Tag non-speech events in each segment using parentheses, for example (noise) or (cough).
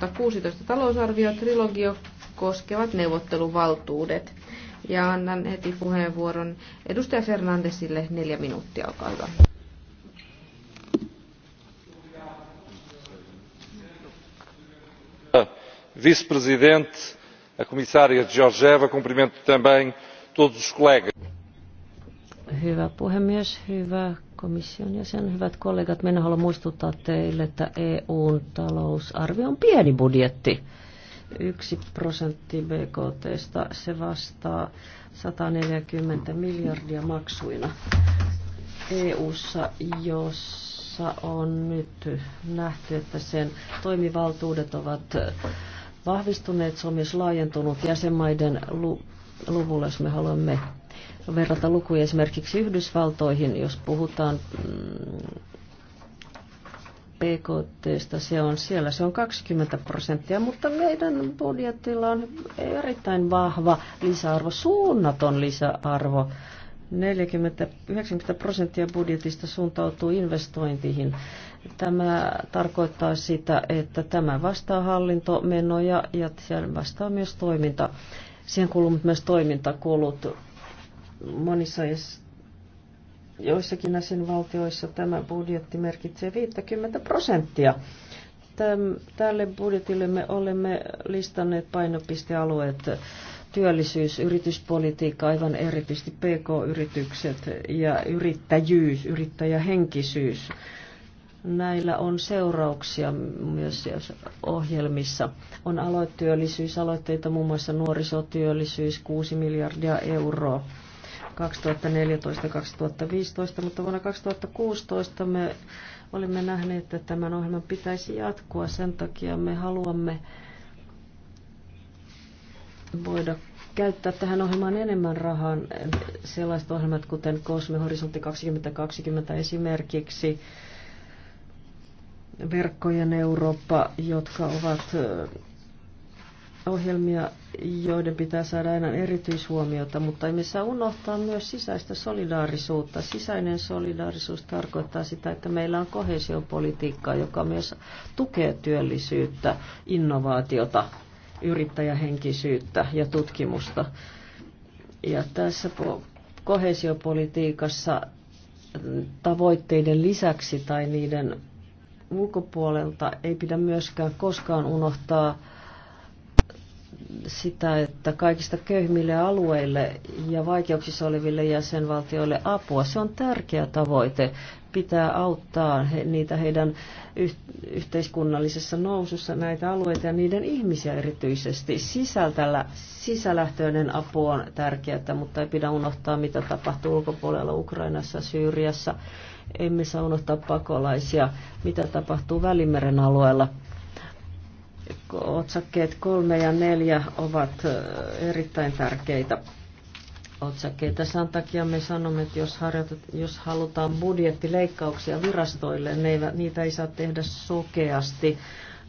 2016 talousarvio koskevat neuvotteluvaltuudet. Ja annan heti puheenvuoron edustaja Fernandesille neljä minuuttia, olkaa hyvä. Vice-presidente, komissaria Georgieva, cumprimento também todos os colegas. Hyvä puhemies, hyvä komission sen hyvät kollegat, minä haluan muistuttaa teille, että EUn talousarvio on pieni budjetti. Yksi prosentti BKTstä, se vastaa 140 miljardia maksuina EUssa, jossa on nyt nähty, että sen toimivaltuudet ovat vahvistuneet, se on myös laajentunut jäsenmaiden luvulla, jos me haluamme verrata lukuja esimerkiksi Yhdysvaltoihin, jos puhutaan mm, PKT, se on siellä, se on 20 prosenttia, mutta meidän budjetilla on erittäin vahva lisäarvo, suunnaton lisäarvo. 40, 90 prosenttia budjetista suuntautuu investointiin. Tämä tarkoittaa sitä, että tämä vastaa hallintomenoja ja vastaa myös toiminta. Siihen kuuluu myös toimintakulut monissa joissakin näissä valtioissa tämä budjetti merkitsee 50 prosenttia. Tälle budjetille me olemme listanneet painopistealueet työllisyys, yrityspolitiikka, aivan erityisesti PK-yritykset ja yrittäjyys, yrittäjähenkisyys. Näillä on seurauksia myös ohjelmissa. On aloittyöllisyysaloitteita, muun muassa nuorisotyöllisyys, 6 miljardia euroa 2014-2015, mutta vuonna 2016 me olimme nähneet, että tämän ohjelman pitäisi jatkua. Sen takia me haluamme voida käyttää tähän ohjelmaan enemmän rahaa. Sellaiset ohjelmat kuten Cosme Horisontti 2020 esimerkiksi, Verkkojen Eurooppa, jotka ovat ohjelmia, joiden pitää saada aina erityishuomiota, mutta emme saa unohtaa myös sisäistä solidaarisuutta. Sisäinen solidaarisuus tarkoittaa sitä, että meillä on kohesiopolitiikkaa, joka myös tukee työllisyyttä, innovaatiota, yrittäjähenkisyyttä ja tutkimusta. Ja tässä kohesiopolitiikassa tavoitteiden lisäksi tai niiden ulkopuolelta ei pidä myöskään koskaan unohtaa sitä, että kaikista köyhimmille alueille ja vaikeuksissa oleville jäsenvaltioille apua. Se on tärkeä tavoite. Pitää auttaa he, niitä heidän yh, yhteiskunnallisessa nousussa, näitä alueita ja niiden ihmisiä erityisesti. Sisältällä, sisälähtöinen apu on tärkeää, mutta ei pidä unohtaa, mitä tapahtuu ulkopuolella Ukrainassa, Syyriassa. Emme saa unohtaa pakolaisia, mitä tapahtuu Välimeren alueella otsakkeet kolme ja neljä ovat erittäin tärkeitä otsakkeita. Sen takia me sanomme, että jos, jos halutaan budjettileikkauksia virastoille, ne eivät, niitä ei saa tehdä sokeasti.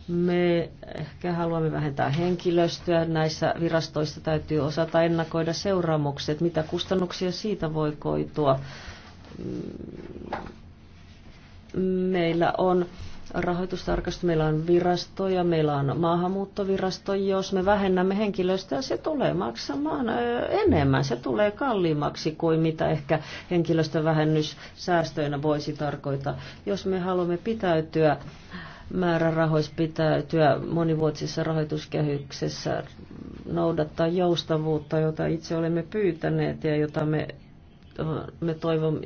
Me ehkä haluamme vähentää henkilöstöä. Näissä virastoissa täytyy osata ennakoida seuraamukset, mitä kustannuksia siitä voi koitua. Mm, meillä on rahoitustarkastus, meillä on virastoja, meillä on maahanmuuttovirasto. Jos me vähennämme henkilöstöä, se tulee maksamaan enemmän. Se tulee kalliimmaksi kuin mitä ehkä henkilöstövähennys säästöinä voisi tarkoittaa. Jos me haluamme pitäytyä määrärahoissa pitäytyä monivuotisessa rahoituskehyksessä, noudattaa joustavuutta, jota itse olemme pyytäneet ja jota me me toivomme,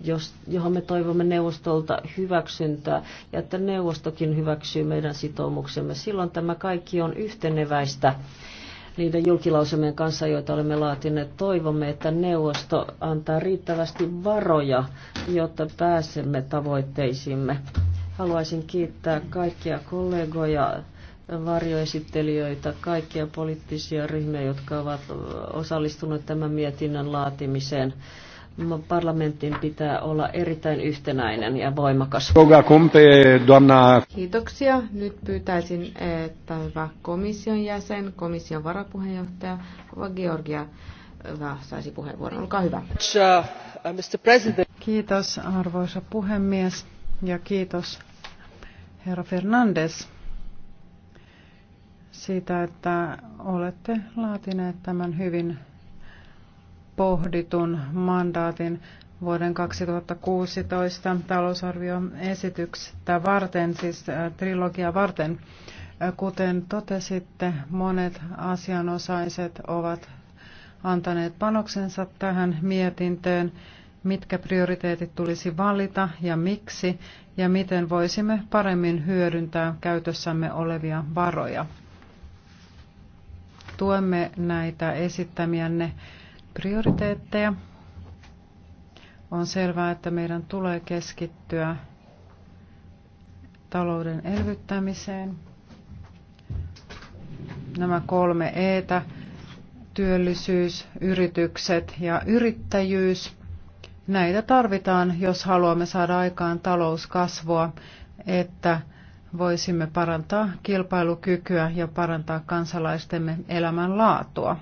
jos, johon me toivomme neuvostolta hyväksyntää ja että neuvostokin hyväksyy meidän sitoumuksemme. Silloin tämä kaikki on yhteneväistä niiden julkilausumien kanssa, joita olemme laatineet. Toivomme, että neuvosto antaa riittävästi varoja, jotta pääsemme tavoitteisiimme. Haluaisin kiittää kaikkia kollegoja varjoesittelijöitä, kaikkia poliittisia ryhmiä, jotka ovat osallistuneet tämän mietinnön laatimiseen. Parlamentin pitää olla erittäin yhtenäinen ja voimakas. Kiitoksia. Nyt pyytäisin, että hyvä komission jäsen, komission varapuheenjohtaja Georgia saisi puheenvuoron. Olkaa hyvä. Kiitos arvoisa puhemies ja kiitos herra Fernandes siitä, että olette laatineet tämän hyvin pohditun mandaatin vuoden 2016 talousarvioesityksestä varten, siis äh, trilogia varten. Äh, kuten totesitte, monet asianosaiset ovat antaneet panoksensa tähän mietintöön, mitkä prioriteetit tulisi valita ja miksi, ja miten voisimme paremmin hyödyntää käytössämme olevia varoja tuemme näitä esittämiänne prioriteetteja. On selvää, että meidän tulee keskittyä talouden elvyttämiseen. Nämä kolme eetä, työllisyys, yritykset ja yrittäjyys. Näitä tarvitaan, jos haluamme saada aikaan talouskasvua, että voisimme parantaa kilpailukykyä ja parantaa kansalaistemme elämänlaatua.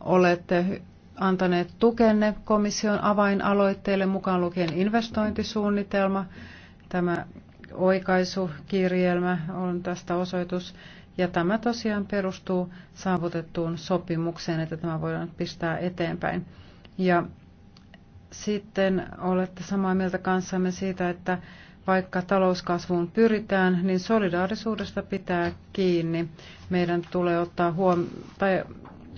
Olette antaneet tukenne komission avainaloitteille mukaan lukien investointisuunnitelma. Tämä oikaisukirjelmä on tästä osoitus. Ja tämä tosiaan perustuu saavutettuun sopimukseen, että tämä voidaan pistää eteenpäin. Ja sitten olette samaa mieltä kanssamme siitä, että vaikka talouskasvuun pyritään, niin solidaarisuudesta pitää kiinni. Meidän tulee ottaa, huom- tai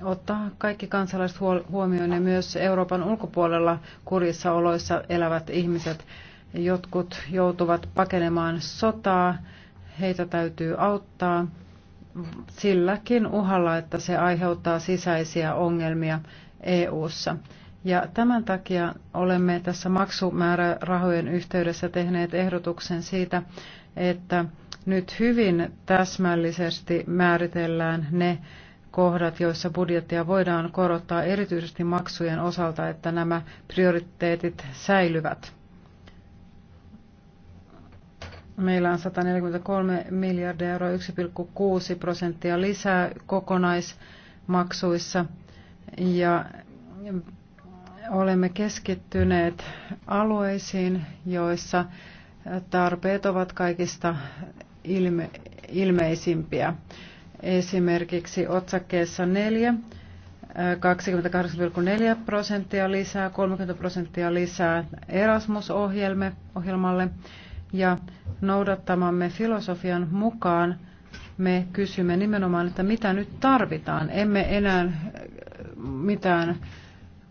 ottaa kaikki kansalaiset huomioon ja myös Euroopan ulkopuolella kurissa oloissa elävät ihmiset. Jotkut joutuvat pakenemaan sotaa, heitä täytyy auttaa silläkin uhalla, että se aiheuttaa sisäisiä ongelmia EU:ssa. ssa ja tämän takia olemme tässä maksumäärärahojen yhteydessä tehneet ehdotuksen siitä, että nyt hyvin täsmällisesti määritellään ne kohdat, joissa budjettia voidaan korottaa erityisesti maksujen osalta, että nämä prioriteetit säilyvät. Meillä on 143 miljardia euroa, 1,6 prosenttia lisää kokonaismaksuissa ja olemme keskittyneet alueisiin, joissa tarpeet ovat kaikista ilme, ilmeisimpiä. Esimerkiksi otsakkeessa 4 28,4 prosenttia lisää, 30 prosenttia lisää Erasmus-ohjelmalle ja noudattamamme filosofian mukaan me kysymme nimenomaan, että mitä nyt tarvitaan. Emme enää mitään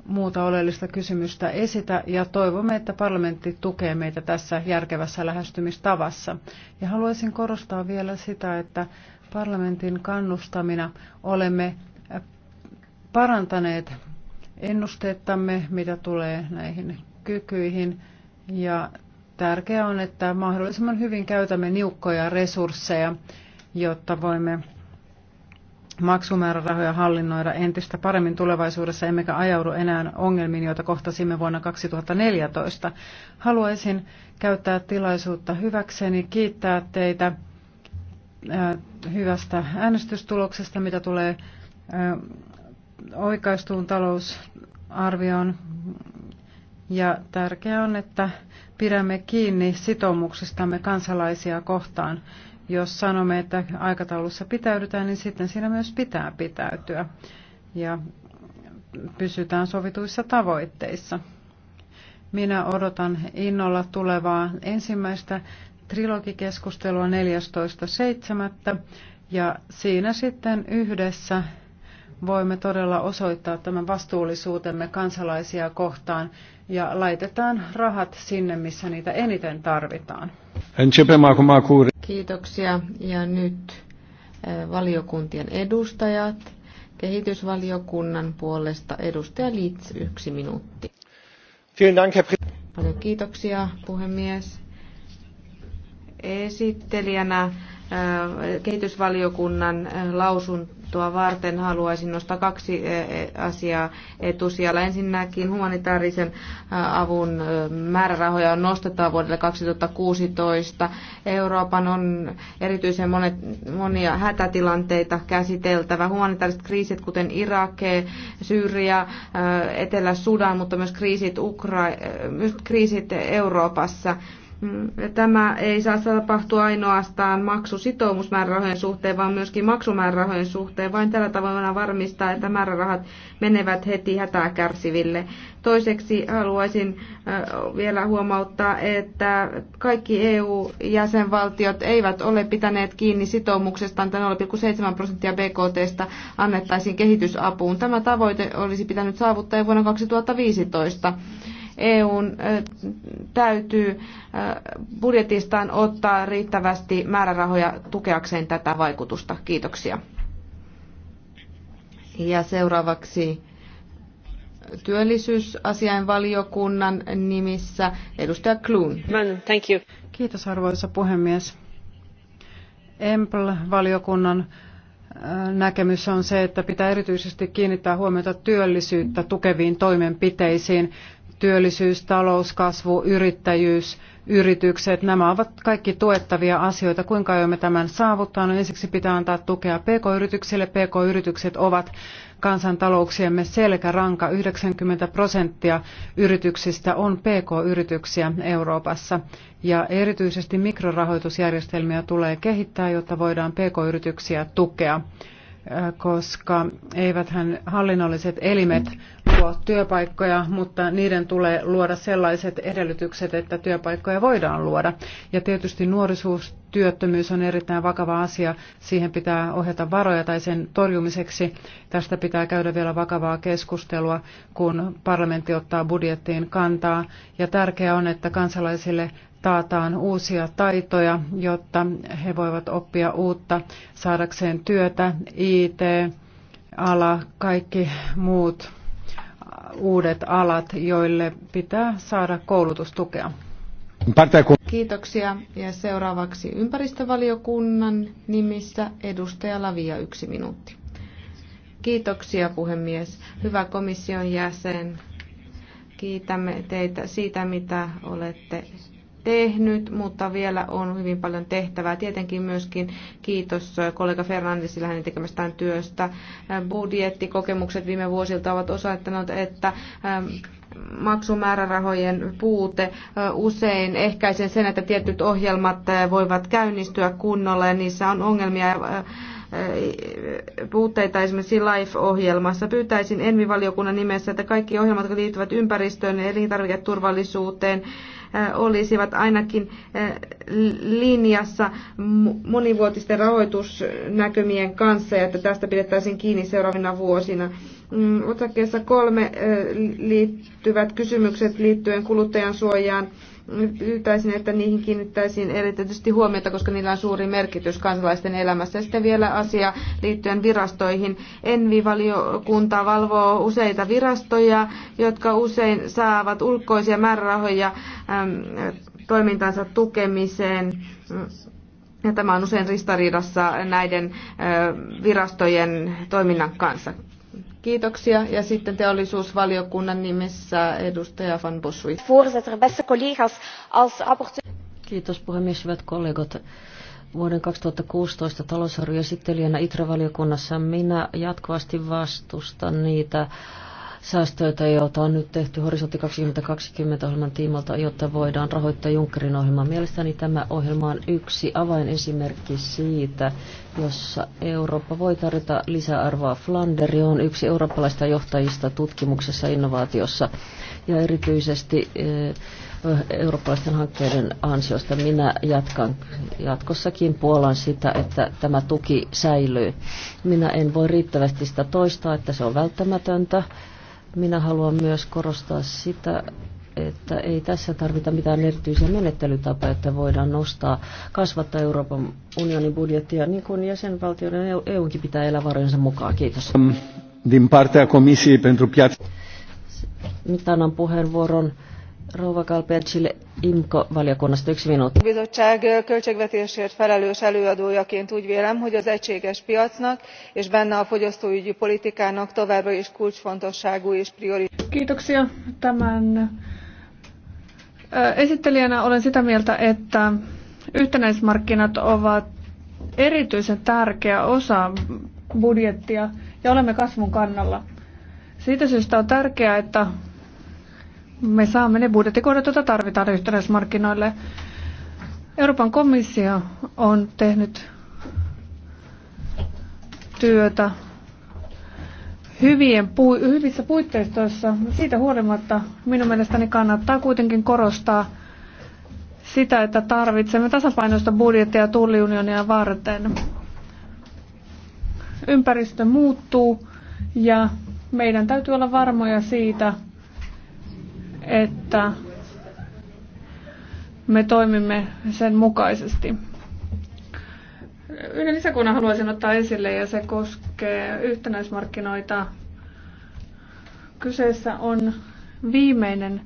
muuta oleellista kysymystä esitä ja toivomme, että parlamentti tukee meitä tässä järkevässä lähestymistavassa. Ja haluaisin korostaa vielä sitä, että parlamentin kannustamina olemme parantaneet ennusteettamme, mitä tulee näihin kykyihin. Ja tärkeää on, että mahdollisimman hyvin käytämme niukkoja resursseja, jotta voimme maksumäärärahoja hallinnoida entistä paremmin tulevaisuudessa, emmekä ajaudu enää ongelmiin, joita kohtasimme vuonna 2014. Haluaisin käyttää tilaisuutta hyväkseni, kiittää teitä äh, hyvästä äänestystuloksesta, mitä tulee äh, oikaistuun talousarvioon. Ja tärkeää on, että pidämme kiinni sitoumuksistamme kansalaisia kohtaan. Jos sanomme, että aikataulussa pitäydytään, niin sitten siinä myös pitää pitäytyä ja pysytään sovituissa tavoitteissa. Minä odotan innolla tulevaa ensimmäistä trilogikeskustelua 14.7. Ja siinä sitten yhdessä voimme todella osoittaa tämän vastuullisuutemme kansalaisia kohtaan ja laitetaan rahat sinne, missä niitä eniten tarvitaan. En Kiitoksia. Ja nyt valiokuntien edustajat. Kehitysvaliokunnan puolesta edustaja Litz, yksi minuutti. Paljon kiitoksia, puhemies. Esittelijänä kehitysvaliokunnan lausuntoa varten haluaisin nostaa kaksi asiaa etusijalla. Ensinnäkin humanitaarisen avun määrärahoja on nostetaan vuodelle 2016. Euroopan on erityisen monet, monia hätätilanteita käsiteltävä. Humanitaariset kriisit, kuten Irak, e, Syyria, Etelä-Sudan, mutta myös kriisit, Ukra- myös kriisit Euroopassa – Tämä ei saa tapahtua ainoastaan maksusitoumusmäärärahojen suhteen, vaan myöskin maksumäärärahojen suhteen. Vain tällä tavalla varmistaa, että määrärahat menevät heti hätää kärsiville. Toiseksi haluaisin vielä huomauttaa, että kaikki EU-jäsenvaltiot eivät ole pitäneet kiinni sitoumuksestaan, että 0,7 prosenttia BKTstä annettaisiin kehitysapuun. Tämä tavoite olisi pitänyt saavuttaa jo vuonna 2015. EUn täytyy budjetistaan ottaa riittävästi määrärahoja tukeakseen tätä vaikutusta. Kiitoksia. Ja seuraavaksi työllisyysasiainvaliokunnan nimissä edustaja Kluun. Kiitos arvoisa puhemies. EMPL-valiokunnan näkemys on se, että pitää erityisesti kiinnittää huomiota työllisyyttä tukeviin toimenpiteisiin työllisyys, talouskasvu, yrittäjyys, yritykset, nämä ovat kaikki tuettavia asioita. Kuinka aiomme tämän saavuttaa? No ensiksi pitää antaa tukea PK-yrityksille. PK-yritykset ovat kansantalouksiemme selkäranka. 90 prosenttia yrityksistä on PK-yrityksiä Euroopassa. Ja erityisesti mikrorahoitusjärjestelmiä tulee kehittää, jotta voidaan PK-yrityksiä tukea koska eiväthän hallinnolliset elimet luo työpaikkoja, mutta niiden tulee luoda sellaiset edellytykset, että työpaikkoja voidaan luoda. Ja tietysti nuorisuustyöttömyys on erittäin vakava asia. Siihen pitää ohjata varoja tai sen torjumiseksi. Tästä pitää käydä vielä vakavaa keskustelua, kun parlamentti ottaa budjettiin kantaa. Ja tärkeää on, että kansalaisille taataan uusia taitoja, jotta he voivat oppia uutta saadakseen työtä, IT, ala, kaikki muut uudet alat, joille pitää saada koulutustukea. Kiitoksia. Ja seuraavaksi ympäristövaliokunnan nimissä edustaja Lavia yksi minuutti. Kiitoksia puhemies. Hyvä komission jäsen. Kiitämme teitä siitä, mitä olette tehnyt, mutta vielä on hyvin paljon tehtävää. Tietenkin myöskin kiitos kollega Fernandesille hänen tekemästään työstä. Budjettikokemukset viime vuosilta ovat osoittaneet, että ähm, maksumäärärahojen puute äh, usein ehkäisee sen, että tietyt ohjelmat äh, voivat käynnistyä kunnolla ja niissä on ongelmia äh, puutteita esimerkiksi LIFE-ohjelmassa. Pyytäisin Envi-valiokunnan nimessä, että kaikki ohjelmat, jotka liittyvät ympäristöön ja elintarviketurvallisuuteen, olisivat ainakin linjassa monivuotisten rahoitusnäkymien kanssa ja että tästä pidettäisiin kiinni seuraavina vuosina. Mm, otsakkeessa kolme liittyvät kysymykset liittyen kuluttajansuojaan suojaan pyytäisin, että niihin kiinnittäisiin erityisesti huomiota, koska niillä on suuri merkitys kansalaisten elämässä. Ja sitten vielä asia liittyen virastoihin. Envivaliokunta valvoo useita virastoja, jotka usein saavat ulkoisia määrärahoja toimintansa tukemiseen. Ja tämä on usein ristariidassa näiden virastojen toiminnan kanssa. Kiitoksia. Ja sitten teollisuusvaliokunnan nimessä edustaja Van Boswi. Kiitos puhemies, hyvät kollegat. Vuoden 2016 talousarvioesittelijänä ITRA-valiokunnassa minä jatkuvasti vastustan niitä säästöitä, joita on nyt tehty Horisontti 2020 ohjelman tiimalta, jotta voidaan rahoittaa Junckerin ohjelmaa. Mielestäni tämä ohjelma on yksi avainesimerkki siitä, jossa Eurooppa voi tarjota lisäarvoa. Flanderi on yksi eurooppalaista johtajista tutkimuksessa ja innovaatiossa ja erityisesti eh, eurooppalaisten hankkeiden ansiosta minä jatkan jatkossakin puolan sitä, että tämä tuki säilyy. Minä en voi riittävästi sitä toistaa, että se on välttämätöntä. Minä haluan myös korostaa sitä, että ei tässä tarvita mitään erityisiä menettelytapoja, että voidaan nostaa, kasvattaa Euroopan unionin budjettia, niin kuin jäsenvaltioiden EUnkin pitää elää varojensa mukaan. Kiitos. Din partea Comisiei pentru Piață. Mitä annan puheenvuoron Rouva Kalpercille IMKO-valiokunnasta yksi minuutti. Bizottság költségvetésért felelős előadójaként úgy vélem, hogy az egységes piacnak és benne a fogyasztóügyi politikának továbbra is kulcsfontosságú és prioritás. Kiitoksia tämän esittelijänä. Olen sitä mieltä, että yhtenäismarkkinat ovat erityisen tärkeä osa budjettia ja olemme kasvun kannalla. Siitä syystä on tärkeää, että me saamme ne budjettikohdat, joita tarvitaan yhtenäismarkkinoille. Euroopan komissio on tehnyt työtä hyvien pu- hyvissä puitteistoissa. Siitä huolimatta minun mielestäni kannattaa kuitenkin korostaa sitä, että tarvitsemme tasapainoista budjettia tulliunionia varten. Ympäristö muuttuu ja meidän täytyy olla varmoja siitä, että me toimimme sen mukaisesti. Yhden lisäkunnan haluaisin ottaa esille ja se koskee yhtenäismarkkinoita. Kyseessä on viimeinen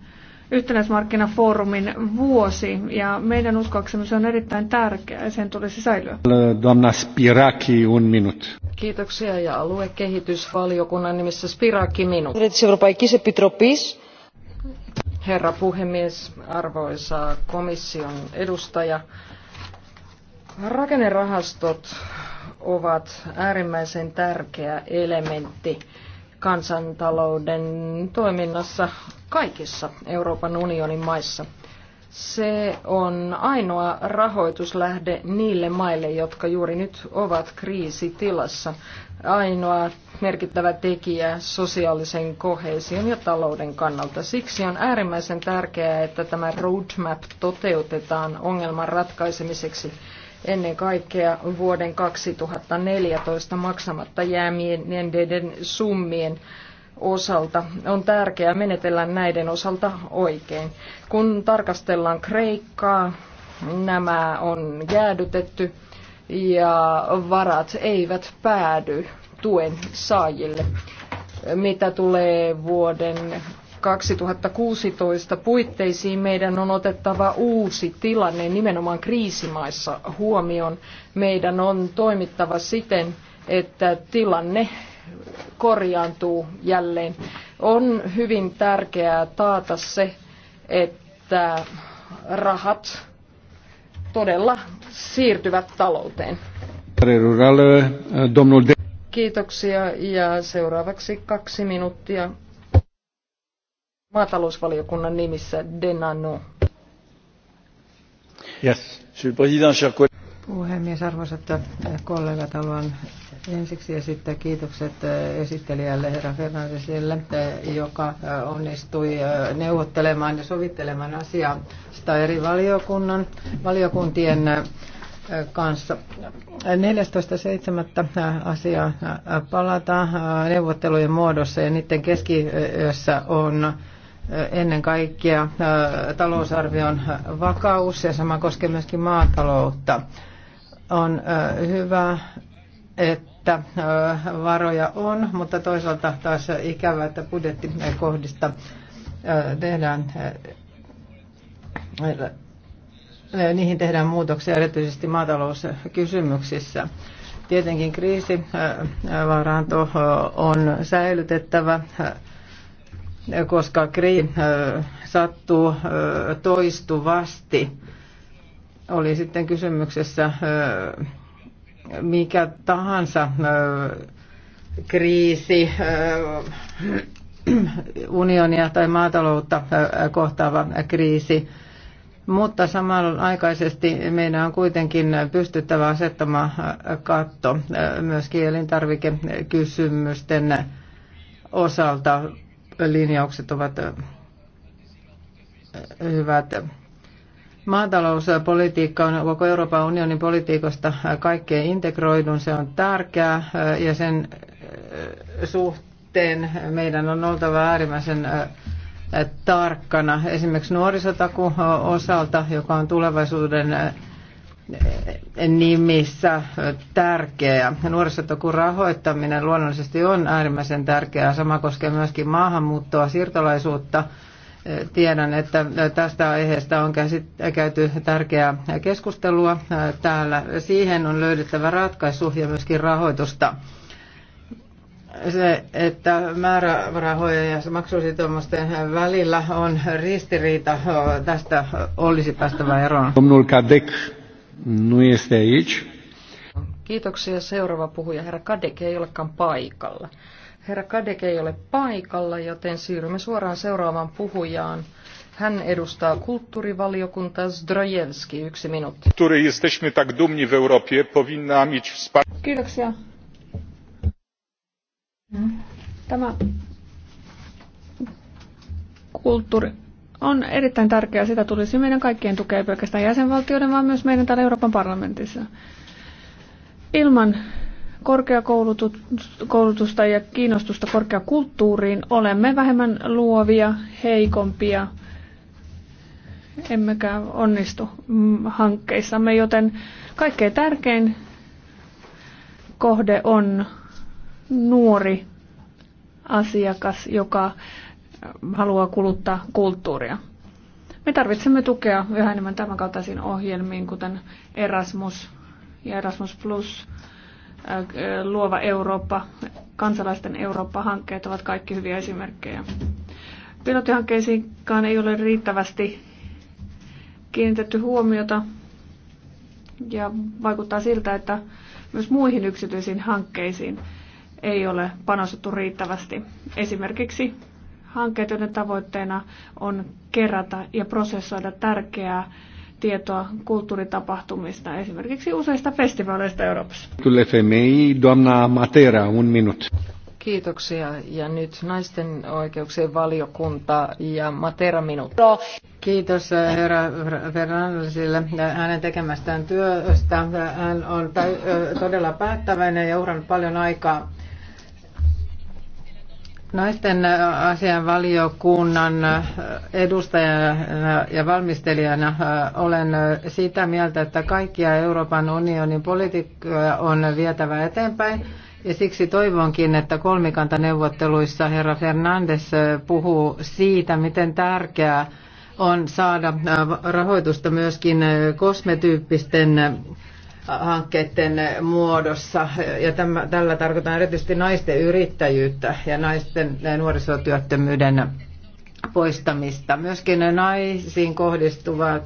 yhtenäismarkkinafoorumin vuosi ja meidän uskoaksemme se on erittäin tärkeä ja sen tulisi säilyä. Donna Spiraki, un minut. Kiitoksia ja aluekehitysvaliokunnan nimessä Spiraki minut. Euroopan Herra puhemies, arvoisa komission edustaja. Rakennerahastot ovat äärimmäisen tärkeä elementti kansantalouden toiminnassa kaikissa Euroopan unionin maissa – se on ainoa rahoituslähde niille maille, jotka juuri nyt ovat kriisitilassa. Ainoa merkittävä tekijä sosiaalisen kohesion ja talouden kannalta. Siksi on äärimmäisen tärkeää, että tämä roadmap toteutetaan ongelman ratkaisemiseksi ennen kaikkea vuoden 2014 maksamatta jäämien summien osalta on tärkeää menetellä näiden osalta oikein. Kun tarkastellaan Kreikkaa, nämä on jäädytetty ja varat eivät päädy tuen saajille. Mitä tulee vuoden 2016 puitteisiin meidän on otettava uusi tilanne nimenomaan kriisimaissa huomioon. Meidän on toimittava siten, että tilanne korjaantuu jälleen. On hyvin tärkeää taata se, että rahat todella siirtyvät talouteen. Kiitoksia ja seuraavaksi kaksi minuuttia maatalousvaliokunnan nimissä Denano. Yes. Puhemies, arvoisat kollegat, haluan ensiksi ja sitten kiitokset äh, esittelijälle herra Fernandesille, äh, joka äh, onnistui neuvottelemaan ja sovittelemaan asiaa eri valiokunnan, valiokuntien kanssa. 14.7. asia palataan neuvottelujen muodossa ja niiden keskiössä on ennen kaikkea talousarvion vakaus ja sama koskee myöskin maataloutta. On hyvä, että että varoja on, mutta toisaalta taas ikävä, että budjettikohdista tehdään niihin tehdään muutoksia erityisesti maatalouskysymyksissä. Tietenkin kriisivaranto on säilytettävä, koska kriisi sattuu toistuvasti. Oli sitten kysymyksessä mikä tahansa kriisi, unionia tai maataloutta kohtaava kriisi. Mutta samanaikaisesti meidän on kuitenkin pystyttävä asettamaan katto myös elintarvikekysymysten osalta. Linjaukset ovat hyvät Maatalouspolitiikka on koko Euroopan unionin politiikasta kaikkein integroidun. Se on tärkeää ja sen eh, suhteen meidän on oltava äärimmäisen eh, tarkkana. Esimerkiksi nuorisotaku eh, osalta, joka on tulevaisuuden nimissä tärkeä. Nuorisotakun rahoittaminen luonnollisesti on äärimmäisen tärkeää. Sama koskee myöskin maahanmuuttoa, siirtolaisuutta – Tiedän, että tästä aiheesta on käyty tärkeää keskustelua täällä. Siihen on löydettävä ratkaisu ja myöskin rahoitusta. Se, että määrärahojen ja maksusitoumusten välillä on ristiriita, tästä olisi päästävä eroon. Kiitoksia. Seuraava puhuja, herra Kadek, ei olekaan paikalla. Herra Kadek ei ole paikalla, joten siirrymme suoraan seuraavaan puhujaan. Hän edustaa kulttuurivaliokuntaa Zdrojevski, yksi minuutti. Który jesteśmy tak dumni w Europie, powinna mieć wsparcie. Kiitoksia. Tämä kulttuuri on erittäin tärkeää. Sitä tulisi meidän kaikkien tukea, ei pelkästään jäsenvaltioiden, vaan myös meidän täällä Euroopan parlamentissa. Ilman korkeakoulutusta ja kiinnostusta korkeakulttuuriin, olemme vähemmän luovia, heikompia, emmekä onnistu mm, hankkeissamme, joten kaikkein tärkein kohde on nuori asiakas, joka haluaa kuluttaa kulttuuria. Me tarvitsemme tukea yhä enemmän tämänkaltaisiin ohjelmiin, kuten Erasmus ja Erasmus Plus Äh, luova Eurooppa, kansalaisten Eurooppa-hankkeet ovat kaikki hyviä esimerkkejä. Pilottihankkeisiinkaan ei ole riittävästi kiinnitetty huomiota ja vaikuttaa siltä, että myös muihin yksityisiin hankkeisiin ei ole panostettu riittävästi. Esimerkiksi hankkeet, joiden tavoitteena on kerätä ja prosessoida tärkeää tietoa kulttuuritapahtumista, esimerkiksi useista festivaaleista Euroopassa. Kyllä FMI, Donna Matera, un minut. Kiitoksia. Ja nyt naisten oikeuksien valiokunta ja Matera minut. Kiitos äh, herra Fernandesille äh, hänen tekemästään työstä. Hän on äh, todella päättäväinen ja uhrannut paljon aikaa Naisten asian valiokunnan edustajana ja valmistelijana äh, olen sitä mieltä, että kaikkia Euroopan unionin politiikkoja on vietävä eteenpäin. Ja siksi toivonkin, että kolmikantaneuvotteluissa herra Fernandes äh, puhuu siitä, miten tärkeää on saada äh, rahoitusta myöskin kosmetyyppisten hankkeiden muodossa. Ja tämä, tällä tarkoitan erityisesti naisten yrittäjyyttä ja naisten nuorisotyöttömyyden poistamista. Myöskin naisiin kohdistuvat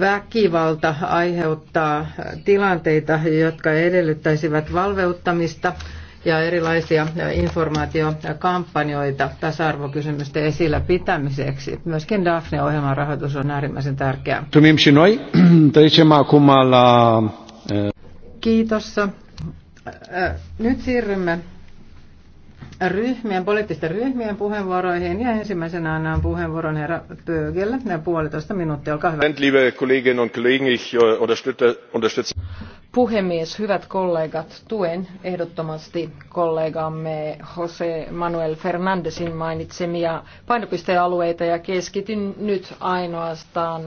väkivalta aiheuttaa tilanteita, jotka edellyttäisivät valveuttamista – ja erilaisia informaatiokampanjoita tasa-arvokysymysten esillä pitämiseksi. Myöskin Daphne-ohjelman rahoitus on äärimmäisen tärkeä. (clears throat) Eh, Kiitos. Nyt siirrymme ryhmien, poliittisten ryhmien puheenvuoroihin ja ensimmäisenä annan puheenvuoron herra Pöögelle, puolitoista minuuttia, olkaa hyvä puhemies, hyvät kollegat, tuen ehdottomasti kollegamme Jose Manuel Fernandesin mainitsemia painopistealueita ja keskityn nyt ainoastaan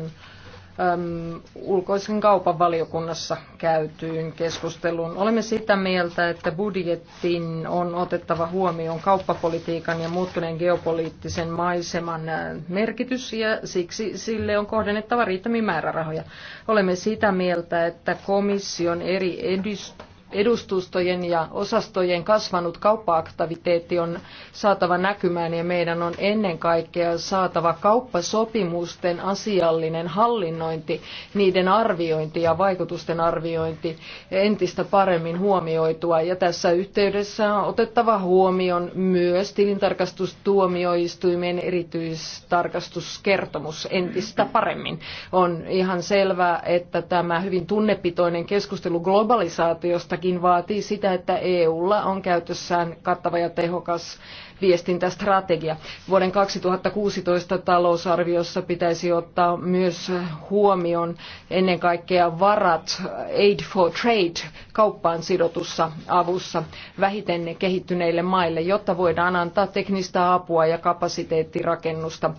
äm, ulkoisen kaupan valiokunnassa käytyyn keskusteluun. Olemme sitä mieltä, että budjettin on otettava huomioon kauppapolitiikan ja muuttuneen geopoliittisen maiseman äh, merkitys ja siksi sille on kohdennettava riittämiä määrärahoja. Olemme sitä mieltä, että komission eri edistys edustustojen ja osastojen kasvanut kauppaaktiviteetti on saatava näkymään ja meidän on ennen kaikkea saatava kauppasopimusten asiallinen hallinnointi, niiden arviointi ja vaikutusten arviointi entistä paremmin huomioitua. Ja tässä yhteydessä on otettava huomioon myös tilintarkastustuomioistuimen erityistarkastuskertomus entistä paremmin. On ihan selvää, että tämä hyvin tunnepitoinen keskustelu globalisaatiosta tämäkin vaatii sitä, että EUlla on käytössään kattava ja tehokas viestintästrategia. Vuoden 2016 talousarviossa pitäisi ottaa myös huomioon ennen kaikkea varat Aid for Trade kauppaan sidotussa avussa vähiten kehittyneille maille, jotta voidaan antaa teknistä apua ja kapasiteettirakennusta.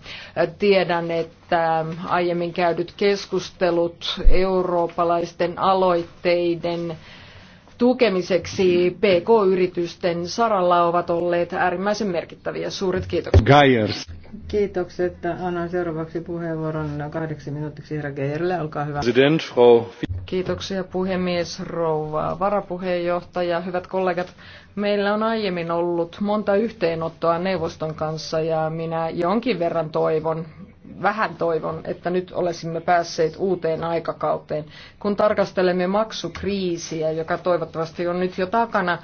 Tiedän, että aiemmin käydyt keskustelut eurooppalaisten aloitteiden tukemiseksi PK-yritysten saralla ovat olleet äärimmäisen merkittäviä. Suuret kiitokset. Geiers. Kiitokset. Annan seuraavaksi puheenvuoron kahdeksi minuutiksi herra Geierille. Olkaa hyvä. President, Frau... Kiitoksia puhemies, rouva varapuheenjohtaja, hyvät kollegat. Meillä on aiemmin ollut monta yhteenottoa neuvoston kanssa ja minä jonkin verran toivon, vähän toivon, että nyt olisimme päässeet uuteen aikakauteen. Kun tarkastelemme maksukriisiä, joka toivottavasti on nyt jo takana,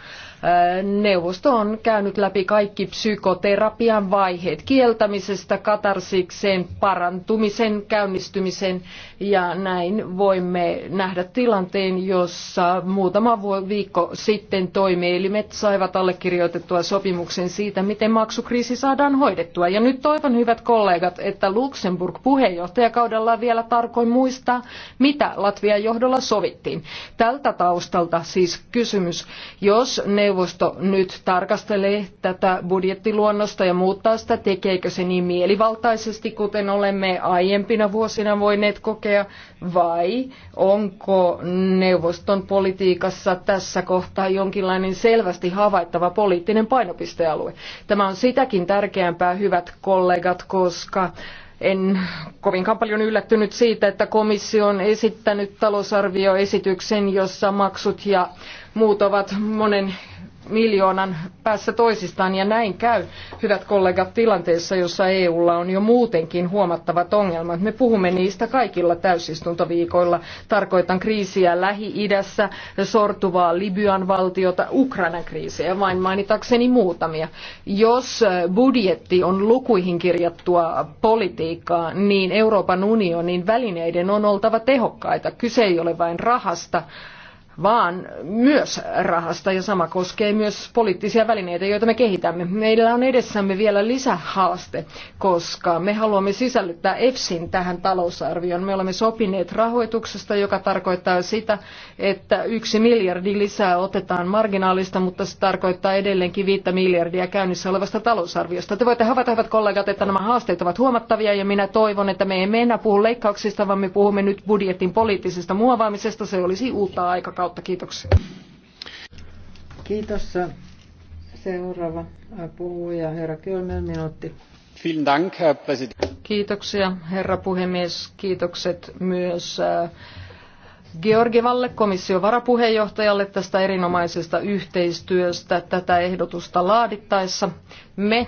Neuvosto on käynyt läpi kaikki psykoterapian vaiheet kieltämisestä, katarsikseen, parantumisen, käynnistymisen ja näin voimme nähdä tilanteen, jossa muutama viikko sitten toimielimet saivat allekirjoitettua sopimuksen siitä, miten maksukriisi saadaan hoidettua. Ja nyt toivon, hyvät kollegat, että Luxemburg puheenjohtajakaudellaan vielä tarkoin muistaa, mitä Latvian johdolla sovittiin. Tältä taustalta siis kysymys, jos ne neuvosto nyt tarkastelee tätä budjettiluonnosta ja muuttaa sitä, tekeekö se niin mielivaltaisesti, kuten olemme aiempina vuosina voineet kokea, vai onko neuvoston politiikassa tässä kohtaa jonkinlainen selvästi havaittava poliittinen painopistealue. Tämä on sitäkin tärkeämpää, hyvät kollegat, koska en kovinkaan paljon yllättynyt siitä, että komissio on esittänyt talousarvioesityksen, jossa maksut ja muut ovat monen miljoonan päässä toisistaan ja näin käy, hyvät kollegat, tilanteessa, jossa EUlla on jo muutenkin huomattavat ongelmat. Me puhumme niistä kaikilla täysistuntoviikoilla. Tarkoitan kriisiä Lähi-idässä, sortuvaa Libyan valtiota, Ukrainan kriisiä, vain mainitakseni muutamia. Jos budjetti on lukuihin kirjattua politiikkaa, niin Euroopan unionin välineiden on oltava tehokkaita. Kyse ei ole vain rahasta, vaan myös rahasta ja sama koskee myös poliittisia välineitä, joita me kehitämme. Meillä on edessämme vielä lisähaaste, koska me haluamme sisällyttää EFSin tähän talousarvioon. Me olemme sopineet rahoituksesta, joka tarkoittaa sitä, että yksi miljardi lisää otetaan marginaalista, mutta se tarkoittaa edelleenkin viittä miljardia käynnissä olevasta talousarviosta. Te voitte havaita, hyvät kollegat, että nämä haasteet ovat huomattavia ja minä toivon, että me emme enää puhu leikkauksista, vaan me puhumme nyt budjetin poliittisesta muovaamisesta. Se olisi uutta aikakautta kautta. Kiitoksia. Kiitos. Seuraava puhuja, herra Kölmel, minuutti. Kiitoksia, herra puhemies. Kiitokset myös äh, Georgivalle, komission varapuheenjohtajalle tästä erinomaisesta yhteistyöstä tätä ehdotusta laadittaessa. Me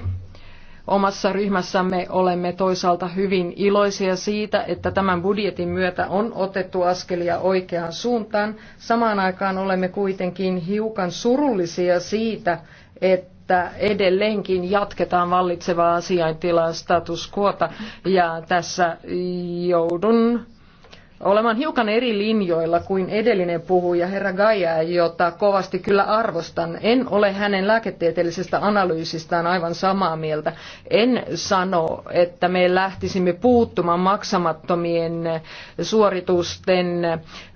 Omassa ryhmässämme olemme toisaalta hyvin iloisia siitä, että tämän budjetin myötä on otettu askelia oikeaan suuntaan. Samaan aikaan olemme kuitenkin hiukan surullisia siitä, että edelleenkin jatketaan vallitsevaa asiaintilaa status quota ja tässä joudun olemaan hiukan eri linjoilla kuin edellinen puhuja, herra Gaia, jota kovasti kyllä arvostan. En ole hänen lääketieteellisestä analyysistään aivan samaa mieltä. En sano, että me lähtisimme puuttumaan maksamattomien suoritusten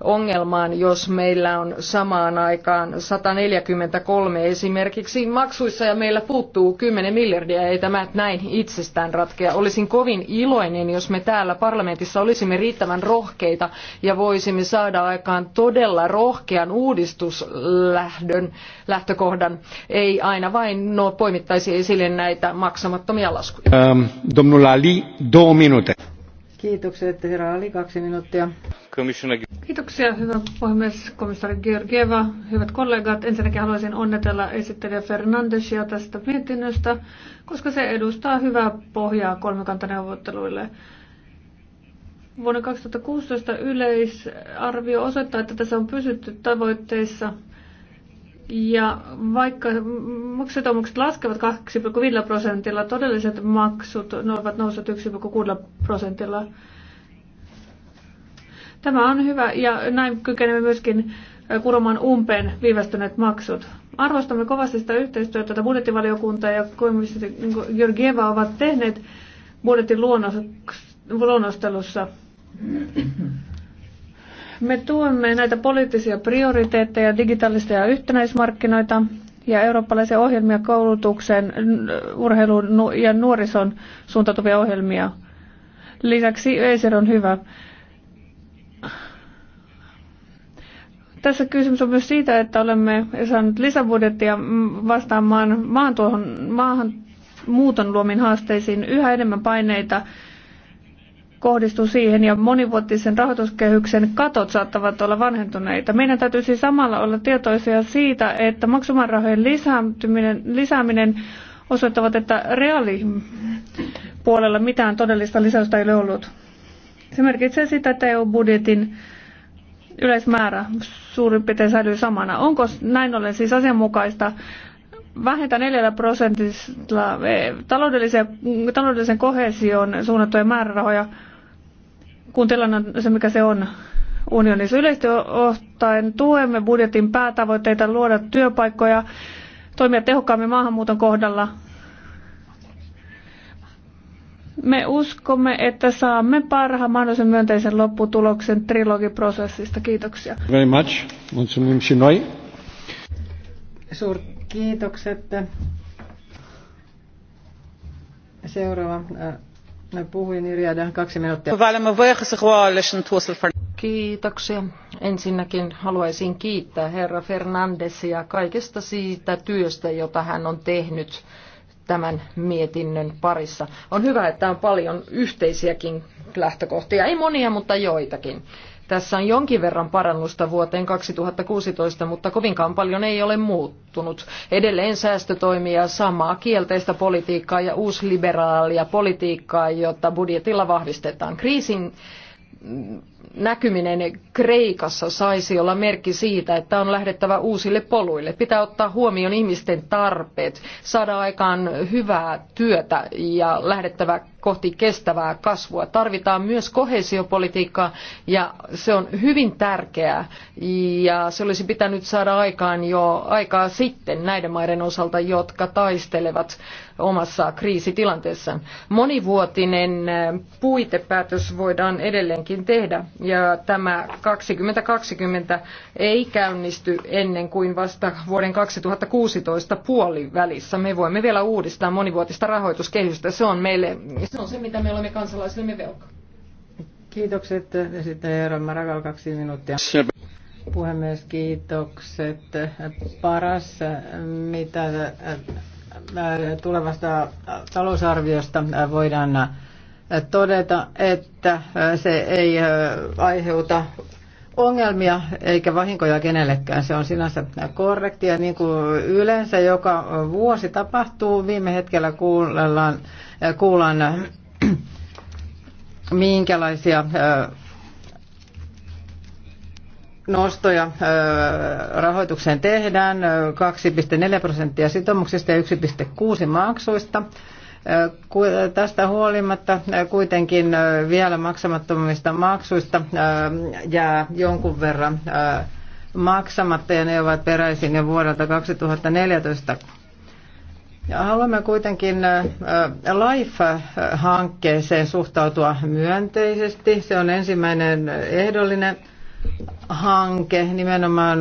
ongelmaan, jos meillä on samaan aikaan 143 esimerkiksi maksuissa ja meillä puuttuu 10 miljardia. Ei tämä näin itsestään ratkea. Olisin kovin iloinen, jos me täällä parlamentissa olisimme riittävän rohkeita haasteita ja voisimme saada aikaan todella rohkean uudistuslähdön lähtökohdan, ei aina vain no, poimittaisi esille näitä maksamattomia laskuja. Ähm, Ali, Kiitoksia, herra Ali, kaksi minuuttia. Kiitoksia, hyvä puhemies, komissaari Georgieva, hyvät kollegat. Ensinnäkin haluaisin onnitella esittelijä Fernandesia tästä mietinnöstä, koska se edustaa hyvää pohjaa kolmikantaneuvotteluille. Vuonna 2016 yleisarvio osoittaa, että tässä on pysytty tavoitteissa ja vaikka maksutomukset laskevat 2,5 prosentilla, todelliset maksut ovat nousseet 1,6 prosentilla. Tämä on hyvä ja näin kykenemme myöskin kuromaan umpeen viivästyneet maksut. Arvostamme kovasti sitä yhteistyötä, jota budjettivaliokunta ja komissio Georgieva ovat tehneet budjetin luonnostelussa. Me tuemme näitä poliittisia prioriteetteja, digitaalista ja yhtenäismarkkinoita ja eurooppalaisia ohjelmia koulutukseen, urheiluun ja nuorison suuntautuvia ohjelmia. Lisäksi ESER on hyvä. Tässä kysymys on myös siitä, että olemme saaneet lisäbudjettia vastaamaan maan tuohon, maahan muuton luomiin haasteisiin yhä enemmän paineita kohdistuu siihen ja monivuotisen rahoituskehyksen katot saattavat olla vanhentuneita. Meidän täytyy siis samalla olla tietoisia siitä, että maksumarahojen lisääminen, lisääminen osoittavat, että reaalipuolella mitään todellista lisäystä ei ole ollut. Se merkitsee sitä, että EU-budjetin yleismäärä suurin piirtein säilyy samana. Onko näin ollen siis asianmukaista vähentää 4 prosentilla eh, taloudellisen, taloudellisen kohesion suunnattuja määrärahoja kun tilanne on se, mikä se on unionissa. Yleisesti ottaen tuemme budjetin päätavoitteita luoda työpaikkoja, toimia tehokkaammin maahanmuuton kohdalla. Me uskomme, että saamme parhaan mahdollisen myönteisen lopputuloksen trilogiprosessista. Kiitoksia. Very much. Suur kiitokset. noi. Suurkiitokset. Seuraava äh, Puhuin Irjadan kaksi minuuttia. Kiitoksia. Ensinnäkin haluaisin kiittää herra Fernandesia kaikesta siitä työstä, jota hän on tehnyt tämän mietinnön parissa. On hyvä, että on paljon yhteisiäkin lähtökohtia, ei monia, mutta joitakin. Tässä on jonkin verran parannusta vuoteen 2016, mutta kovinkaan paljon ei ole muuttunut. Edelleen säästötoimia, samaa kielteistä politiikkaa ja uusliberaalia politiikkaa, jota budjetilla vahvistetaan. Kriisin näkyminen Kreikassa saisi olla merkki siitä, että on lähdettävä uusille poluille. Pitää ottaa huomioon ihmisten tarpeet, saada aikaan hyvää työtä ja lähdettävä kohti kestävää kasvua. Tarvitaan myös koheesiopolitiikkaa ja se on hyvin tärkeää ja se olisi pitänyt saada aikaan jo aikaa sitten näiden maiden osalta, jotka taistelevat omassa kriisitilanteessaan. Monivuotinen puitepäätös voidaan edelleenkin tehdä ja tämä 2020 ei käynnisty ennen kuin vasta vuoden 2016 puolivälissä. Me voimme vielä uudistaa monivuotista rahoituskehystä. Se on meille se, on se mitä me olemme kansalaisillemme velkaa. Kiitokset. Sitten Eero Marakal kaksi minuuttia. Puhemies, kiitokset. Paras, mitä tulevasta talousarviosta voidaan todeta, että se ei aiheuta ongelmia eikä vahinkoja kenellekään. Se on sinänsä korrektia. Niin kuin yleensä joka vuosi tapahtuu, viime hetkellä kuullaan, kuullaan äh, minkälaisia äh, nostoja äh, rahoitukseen tehdään, 2,4 prosenttia sitoumuksista ja 1,6 maksuista. Tästä huolimatta kuitenkin vielä maksamattomista maksuista jää jonkun verran maksamatta ja ne ovat peräisin jo vuodelta 2014. Ja haluamme kuitenkin LIFE-hankkeeseen suhtautua myönteisesti. Se on ensimmäinen ehdollinen hanke nimenomaan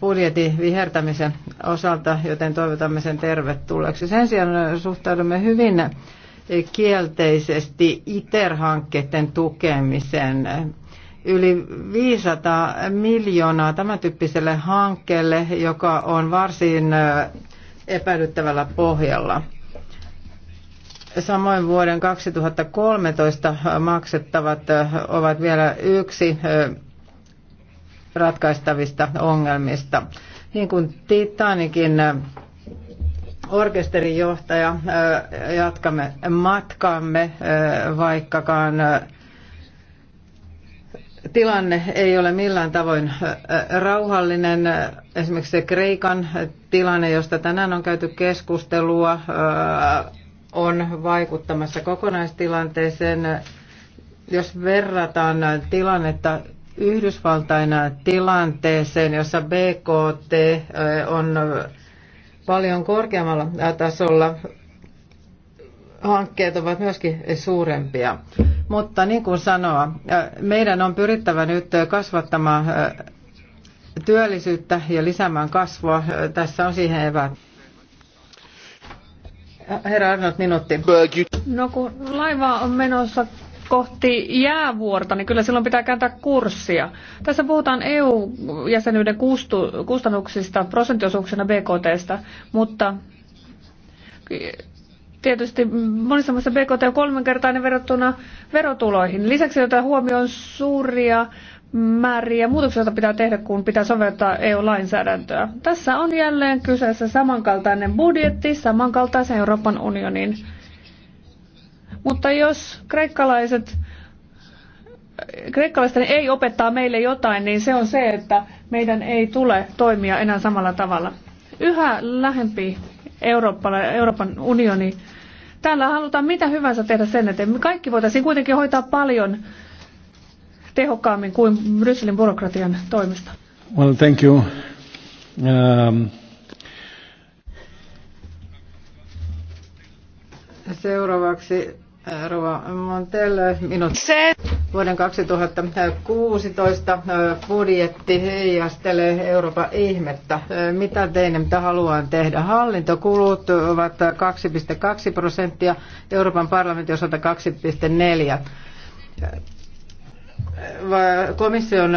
budjetin vihertämisen osalta, joten toivotamme sen tervetulleeksi. Sen sijaan suhtaudumme hyvin kielteisesti ITER-hankkeiden tukemiseen. Yli 500 miljoonaa tämän tyyppiselle hankkeelle, joka on varsin epäilyttävällä pohjalla. Samoin vuoden 2013 maksettavat ovat vielä yksi ratkaistavista ongelmista. Niin kuin Titanikin äh, orkesterijohtaja, äh, jatkamme matkaamme, äh, vaikkakaan tilanne ei ole millään tavoin rauhallinen. Esimerkiksi se Kreikan tilanne, josta tänään on käyty keskustelua, on vaikuttamassa kokonaistilanteeseen. Jos verrataan tilannetta Yhdysvaltain tilanteeseen, jossa BKT on paljon korkeammalla tasolla. Hankkeet ovat myöskin suurempia. Mutta niin kuin sanoa, meidän on pyrittävä nyt kasvattamaan työllisyyttä ja lisäämään kasvua. Tässä on siihen eväät. Herra Arnold, minuutti. No kun laiva on menossa kohti jäävuorta, niin kyllä silloin pitää kääntää kurssia. Tässä puhutaan EU-jäsenyyden kustannuksista prosenttiosuuksena BKTstä, mutta tietysti monissa maissa BKT on kolmenkertainen verrattuna verotuloihin. Lisäksi otetaan huomioon suuria määriä muutoksia, joita pitää tehdä, kun pitää soveltaa EU-lainsäädäntöä. Tässä on jälleen kyseessä samankaltainen budjetti samankaltaisen Euroopan unionin mutta jos kreikkalaiset kreikkalaisten ei opettaa meille jotain, niin se on se, että meidän ei tule toimia enää samalla tavalla. Yhä lähempi Eurooppa, Euroopan unioni. Täällä halutaan mitä hyvänsä tehdä sen eteen. Me kaikki voitaisiin kuitenkin hoitaa paljon tehokkaammin kuin Brysselin byrokratian toimista. Well, thank you. Um... Seuraavaksi Äh, Rova Montel, minut se. Vuoden 2016 äh, budjetti heijastelee Euroopan ihmettä. Äh, mitä tein, mitä haluan tehdä? Hallintokulut ovat 2,2 prosenttia, Euroopan parlamentin osalta 2,4 komission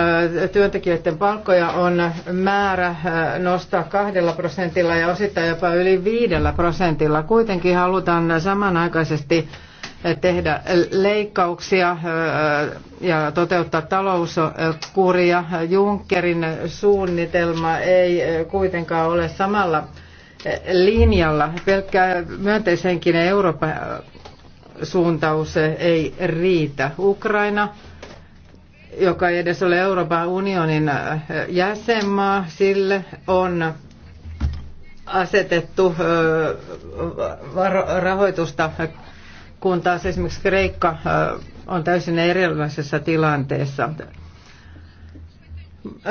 työntekijöiden palkkoja on määrä nostaa kahdella prosentilla ja osittain jopa yli viidellä prosentilla. Kuitenkin halutaan samanaikaisesti tehdä leikkauksia ja toteuttaa talouskuria. Junckerin suunnitelma ei kuitenkaan ole samalla linjalla. Pelkkä myönteishenkinen Euroopan suuntaus ei riitä. Ukraina, joka ei edes ole Euroopan unionin jäsenmaa, sille on asetettu rahoitusta kun taas esimerkiksi Kreikka on täysin erilaisessa tilanteessa.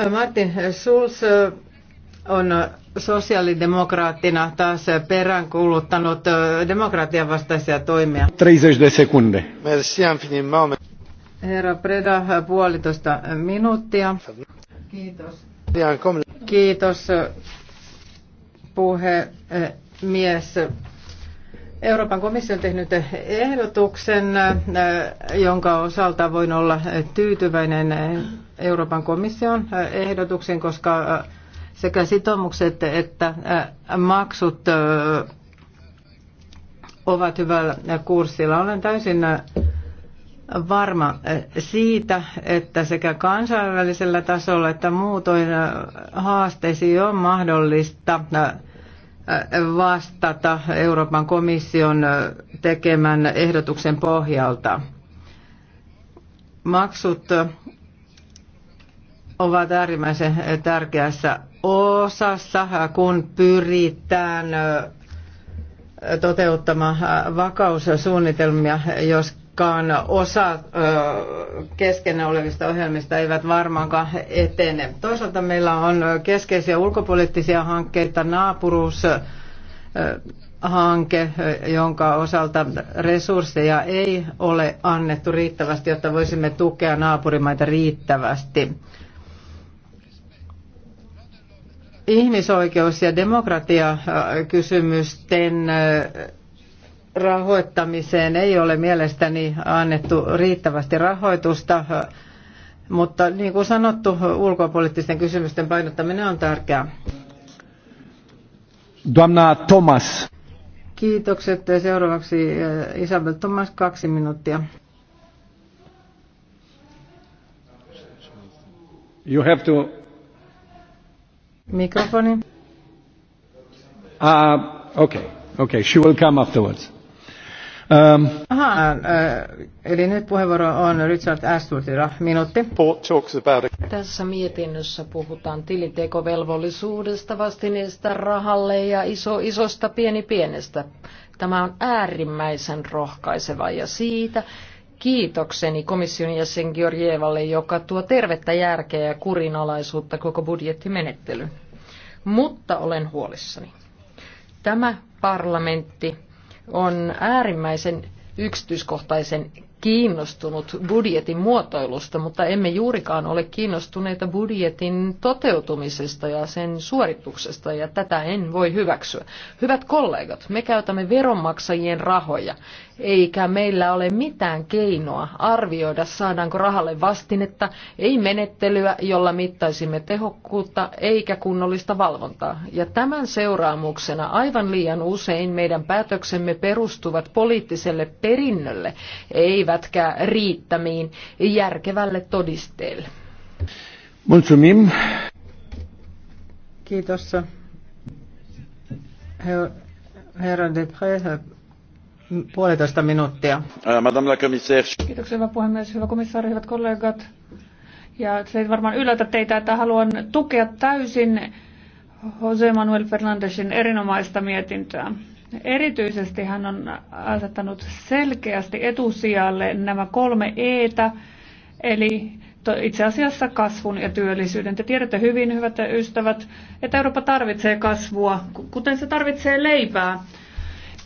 Martin Schulz on sosiaalidemokraattina taas peräänkuuluttanut demokratian vastaisia toimia. 30 sekunde. Merci infiniment. Herra Preda, puolitoista minuuttia. Kiitos. Kiitos puhemies. Euroopan komissio on tehnyt ehdotuksen, äh, jonka osalta voin olla tyytyväinen Euroopan komission äh, ehdotuksen, koska äh, sekä sitoumukset että maksut ovat hyvällä kurssilla. Olen täysin varma siitä, että sekä kansainvälisellä tasolla että muutoin haasteisiin on mahdollista vastata Euroopan komission tekemän ehdotuksen pohjalta. Maksut ovat äärimmäisen tärkeässä osassa, kun pyritään toteuttamaan vakaussuunnitelmia, jos ainakaan osa kesken olevista ohjelmista eivät varmaankaan etene. Toisaalta meillä on keskeisiä ulkopoliittisia hankkeita, naapuruushanke, hanke, jonka osalta resursseja ei ole annettu riittävästi, jotta voisimme tukea naapurimaita riittävästi. Ihmisoikeus- ja demokratiakysymysten rahoittamiseen ei ole mielestäni annettu riittävästi rahoitusta, mutta niin kuin sanottu, ulkopoliittisten kysymysten painottaminen on tärkeää. Doamna Thomas. Kiitokset. Seuraavaksi eh, Isabel Thomas, kaksi minuuttia. You have to... Mikrofoni. Uh, okay, okay. She will come afterwards. Ähm, Aha, äh, eli nyt puheenvuoro on Richard Ashworthilla, minuutti. Tässä mietinnössä puhutaan tilintekovelvollisuudesta, vastineesta rahalle ja iso, isosta pieni pienestä. Tämä on äärimmäisen rohkaiseva ja siitä kiitokseni komission jäsen Georgievalle, joka tuo tervettä järkeä ja kurinalaisuutta koko budjettimenettelyyn. Mutta olen huolissani. Tämä parlamentti on äärimmäisen yksityiskohtaisen kiinnostunut budjetin muotoilusta, mutta emme juurikaan ole kiinnostuneita budjetin toteutumisesta ja sen suorituksesta, ja tätä en voi hyväksyä. Hyvät kollegat, me käytämme veronmaksajien rahoja, eikä meillä ole mitään keinoa arvioida, saadaanko rahalle vastinetta, ei menettelyä, jolla mittaisimme tehokkuutta, eikä kunnollista valvontaa. Ja tämän seuraamuksena aivan liian usein meidän päätöksemme perustuvat poliittiselle perinnölle, eivätkä riittämiin järkevälle todisteelle. Mulțumim. Kiitos. Herra Depré, puolitoista minuuttia. Ah, madame la commissaire. Kiitoksia, hyvä puhemies, hyvä komissaari, hyvät kollegat. Ja se ei varmaan yllätä teitä, että haluan tukea täysin Jose Manuel Fernandesin erinomaista mietintöä. Erityisesti hän on asettanut selkeästi etusijalle nämä kolme eetä, eli itse asiassa kasvun ja työllisyyden. Te tiedätte hyvin, hyvät ystävät, että Eurooppa tarvitsee kasvua, kuten se tarvitsee leipää.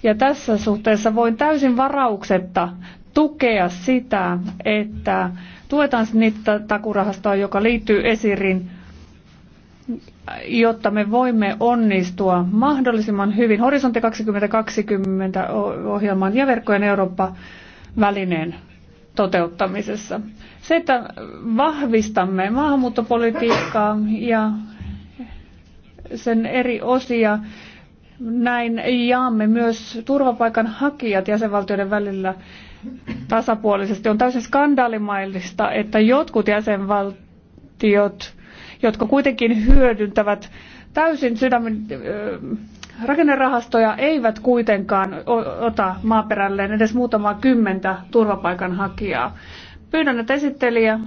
Ja tässä suhteessa voin täysin varauksetta tukea sitä, että tuetaan niitä takurahastoa, joka liittyy esirin, jotta me voimme onnistua mahdollisimman hyvin Horisontti 2020 ohjelman ja verkkojen Eurooppa-välineen toteuttamisessa. Se, että vahvistamme maahanmuuttopolitiikkaa ja sen eri osia näin jaamme myös turvapaikanhakijat jäsenvaltioiden välillä tasapuolisesti. On täysin skandaalimaillista, että jotkut jäsenvaltiot, jotka kuitenkin hyödyntävät täysin sydämen rakennerahastoja, eivät kuitenkaan ota maaperälleen edes muutamaa kymmentä turvapaikanhakijaa. Pyydän, että esittelijä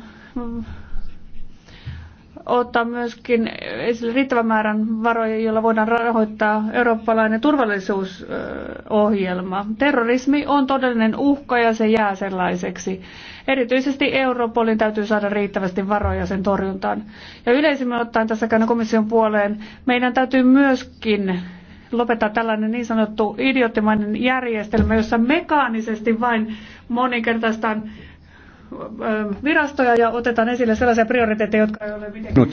ottaa myöskin esille riittävän määrän varoja, joilla voidaan rahoittaa eurooppalainen turvallisuusohjelma. Terrorismi on todellinen uhka ja se jää sellaiseksi. Erityisesti Europolin täytyy saada riittävästi varoja sen torjuntaan. Ja yleisimmin ottaen tässä käyn komission puoleen, meidän täytyy myöskin lopettaa tällainen niin sanottu idioottimainen järjestelmä, jossa mekaanisesti vain moninkertaistaan virastoja ja otetaan esille sellaisia prioriteetteja, jotka ei ole mitenkään...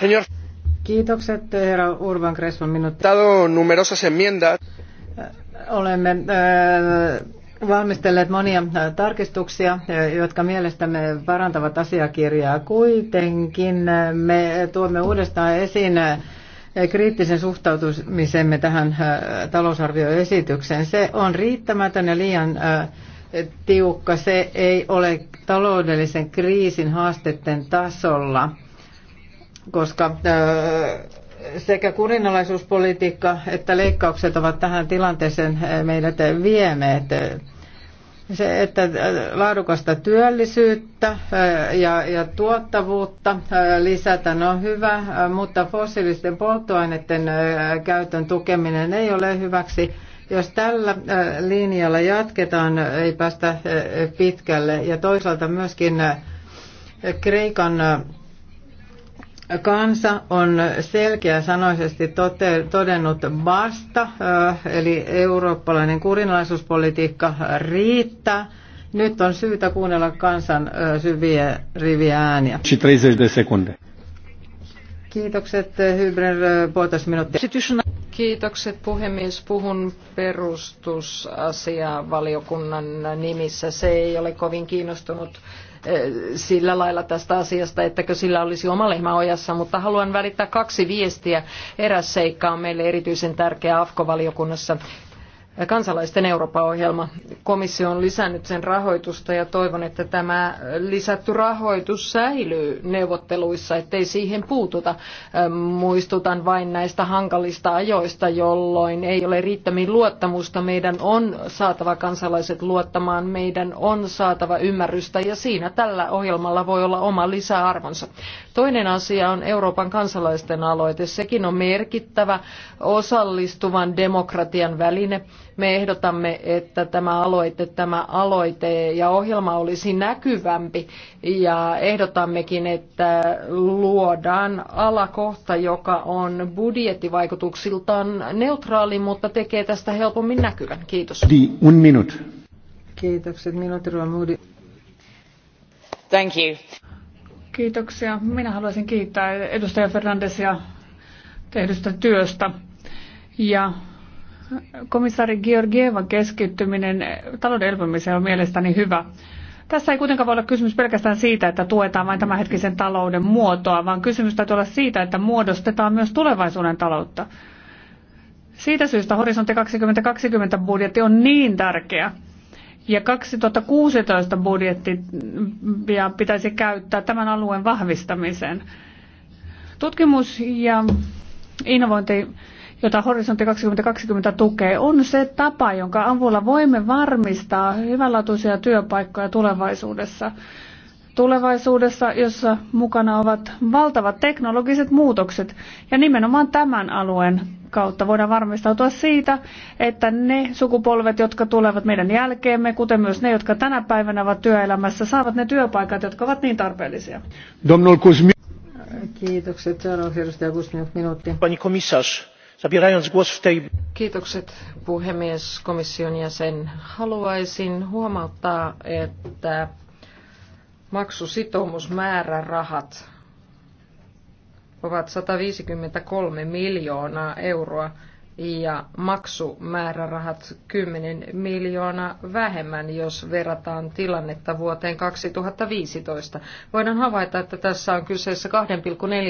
Señor. Kiitokset, herra Urban Crespo, minuutti. numerosas enmiendas. Olemme äh, valmistelleet monia tarkistuksia, jotka mielestämme parantavat asiakirjaa. Kuitenkin me tuomme uudestaan esiin kriittisen suhtautumisemme tähän talousarvioesitykseen. Se on riittämätön ja liian äh, tiukka. Se ei ole taloudellisen kriisin haasteiden tasolla, koska sekä kurinalaisuuspolitiikka että leikkaukset ovat tähän tilanteeseen meidät viemeet. Se, että laadukasta työllisyyttä ja, ja tuottavuutta lisätään no on hyvä, mutta fossiilisten polttoaineiden käytön tukeminen ei ole hyväksi jos tällä äh, linjalla jatketaan, äh, ei päästä äh, pitkälle. Ja toisaalta myöskin Kreikan kansa on selkeä sanoisesti tote, todennut basta, eli eurooppalainen kurinalaisuuspolitiikka riittää. Nyt on syytä kuunnella kansan syviä riviä ääniä. 30 sekuntia. Kiitokset, Hybner, puolitoista minuuttia. Kiitokset puhemies. Puhun perustusasiavaliokunnan nimissä. Se ei ole kovin kiinnostunut eh, sillä lailla tästä asiasta, ettäkö sillä olisi oma lehmä ojassa, mutta haluan välittää kaksi viestiä. Eräs seikka on meille erityisen tärkeä AFKO-valiokunnassa kansalaisten Eurooppa-ohjelma. Komissio on lisännyt sen rahoitusta ja toivon, että tämä lisätty rahoitus säilyy neuvotteluissa, ettei siihen puututa. Muistutan vain näistä hankalista ajoista, jolloin ei ole riittämin luottamusta. Meidän on saatava kansalaiset luottamaan, meidän on saatava ymmärrystä ja siinä tällä ohjelmalla voi olla oma lisäarvonsa. Toinen asia on Euroopan kansalaisten aloite. Sekin on merkittävä osallistuvan demokratian väline me ehdotamme, että tämä aloite, tämä aloite ja ohjelma olisi näkyvämpi ja ehdotammekin, että luodaan alakohta, joka on budjettivaikutuksiltaan neutraali, mutta tekee tästä helpommin näkyvän. Kiitos. Di, un minut. Kiitokset. Minuutti Ruomuudi. Thank you. Kiitoksia. Minä haluaisin kiittää edustaja Fernandesia tehdystä työstä. Ja komissaari Georgievan keskittyminen talouden elpymiseen on mielestäni hyvä. Tässä ei kuitenkaan voi olla kysymys pelkästään siitä, että tuetaan vain tämänhetkisen talouden muotoa, vaan kysymys täytyy olla siitä, että muodostetaan myös tulevaisuuden taloutta. Siitä syystä Horisontti 2020 budjetti on niin tärkeä. Ja 2016 budjettia mm, pitäisi käyttää tämän alueen vahvistamiseen. Tutkimus ja innovointi jota Horisontti 2020 tukee, on se tapa, jonka avulla voimme varmistaa hyvänlaatuisia työpaikkoja tulevaisuudessa. Tulevaisuudessa, jossa mukana ovat valtavat teknologiset muutokset, ja nimenomaan tämän alueen kautta voidaan varmistautua siitä, että ne sukupolvet, jotka tulevat meidän jälkeemme, kuten myös ne, jotka tänä päivänä ovat työelämässä, saavat ne työpaikat, jotka ovat niin tarpeellisia. Kiitokset. Seuraavaksi edustaja Kusmiuk, minuutti. Pani komisarz, zabierając głos w tej... Kiitokset puhemies komission jäsen. Haluaisin huomauttaa, että maksusitoumusmäärärahat ovat 153 miljoonaa euroa ja maksumäärärahat 10 miljoonaa vähemmän, jos verrataan tilannetta vuoteen 2015. Voidaan havaita, että tässä on kyseessä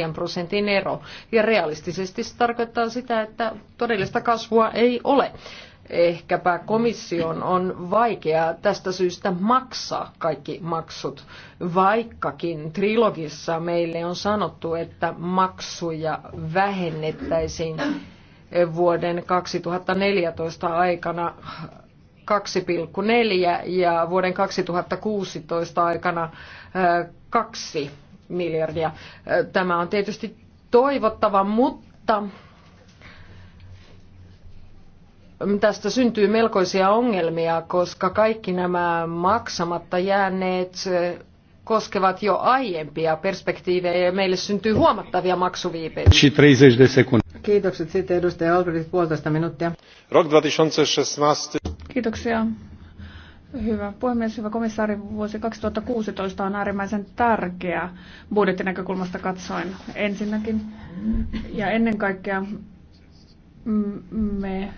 2,4 prosentin ero, ja realistisesti se tarkoittaa sitä, että todellista kasvua ei ole. Ehkäpä komission on vaikea tästä syystä maksaa kaikki maksut, vaikkakin trilogissa meille on sanottu, että maksuja vähennettäisiin vuoden 2014 aikana 2,4 ja vuoden 2016 aikana 2 äh, miljardia. Äh, tämä on tietysti toivottava, mutta tästä syntyy melkoisia ongelmia, koska kaikki nämä maksamatta jääneet koskevat jo aiempia perspektiivejä ja meille syntyy huomattavia maksuviipeitä. Kiitokset sitten edustaja Albrecht puolitoista minuuttia. 2016. Kiitoksia. Hyvä puhemies, hyvä komissaari. Vuosi 2016 on äärimmäisen tärkeä budjettinäkökulmasta katsoen ensinnäkin. Ja ennen kaikkea me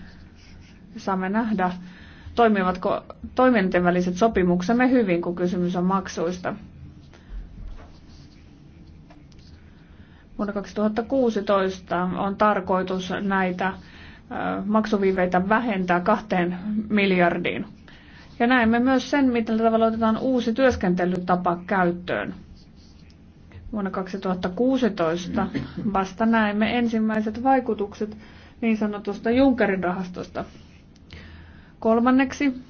saamme nähdä, toimivatko toimintojen väliset sopimuksemme hyvin, kun kysymys on maksuista. Vuonna 2016 on tarkoitus näitä maksuviiveitä vähentää kahteen miljardiin. Ja näemme myös sen, miten tavalla otetaan uusi työskentelytapa käyttöön. Vuonna 2016 vasta näemme ensimmäiset vaikutukset niin sanotusta Junckerin rahastosta. Kolmanneksi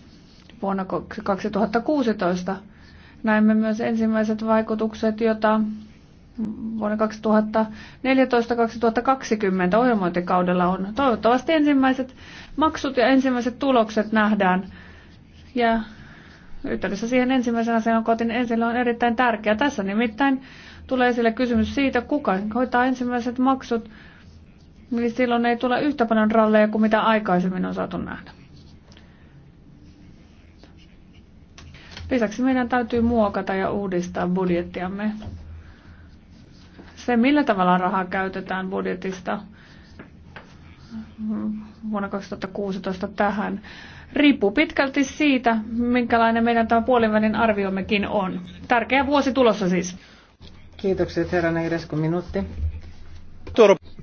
vuonna 2016 näemme myös ensimmäiset vaikutukset, joita vuonna 2014-2020 ohjelmointikaudella on. Toivottavasti ensimmäiset maksut ja ensimmäiset tulokset nähdään. Ja yhteydessä siihen ensimmäisenä asian kotiin niin ensin on erittäin tärkeä. Tässä nimittäin tulee esille kysymys siitä, kuka hoitaa ensimmäiset maksut, niin silloin ei tule yhtä paljon ralleja kuin mitä aikaisemmin on saatu nähdä. Lisäksi meidän täytyy muokata ja uudistaa budjettiamme se, millä tavalla rahaa käytetään budjetista vuonna 2016 tähän, riippuu pitkälti siitä, minkälainen meidän tämä puolivälin arviommekin on. Tärkeä vuosi tulossa siis. Kiitokset herra Eiresku minuutti.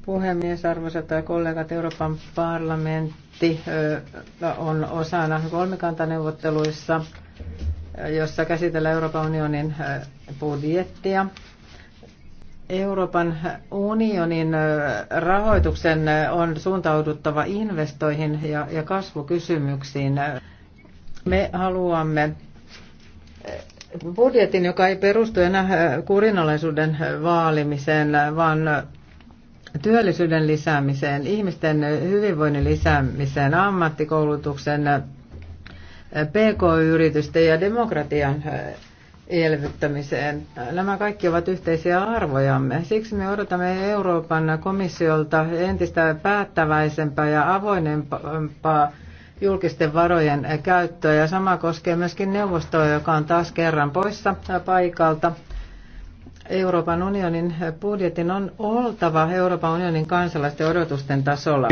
Puhemies, arvoisat kollegat, Euroopan parlamentti on osana kolmikantaneuvotteluissa, jossa käsitellään Euroopan unionin budjettia Euroopan unionin rahoituksen on suuntauduttava investoihin ja, ja kasvukysymyksiin. Me haluamme budjetin, joka ei perustu enää kurinalaisuuden vaalimiseen, vaan työllisyyden lisäämiseen, ihmisten hyvinvoinnin lisäämiseen, ammattikoulutuksen, pk-yritysten ja demokratian elvyttämiseen. Nämä kaikki ovat yhteisiä arvojamme. Siksi me odotamme Euroopan komissiolta entistä päättäväisempää ja avoinempaa julkisten varojen käyttöä. Ja sama koskee myöskin neuvostoa, joka on taas kerran poissa paikalta. Euroopan unionin budjetin on oltava Euroopan unionin kansalaisten odotusten tasolla.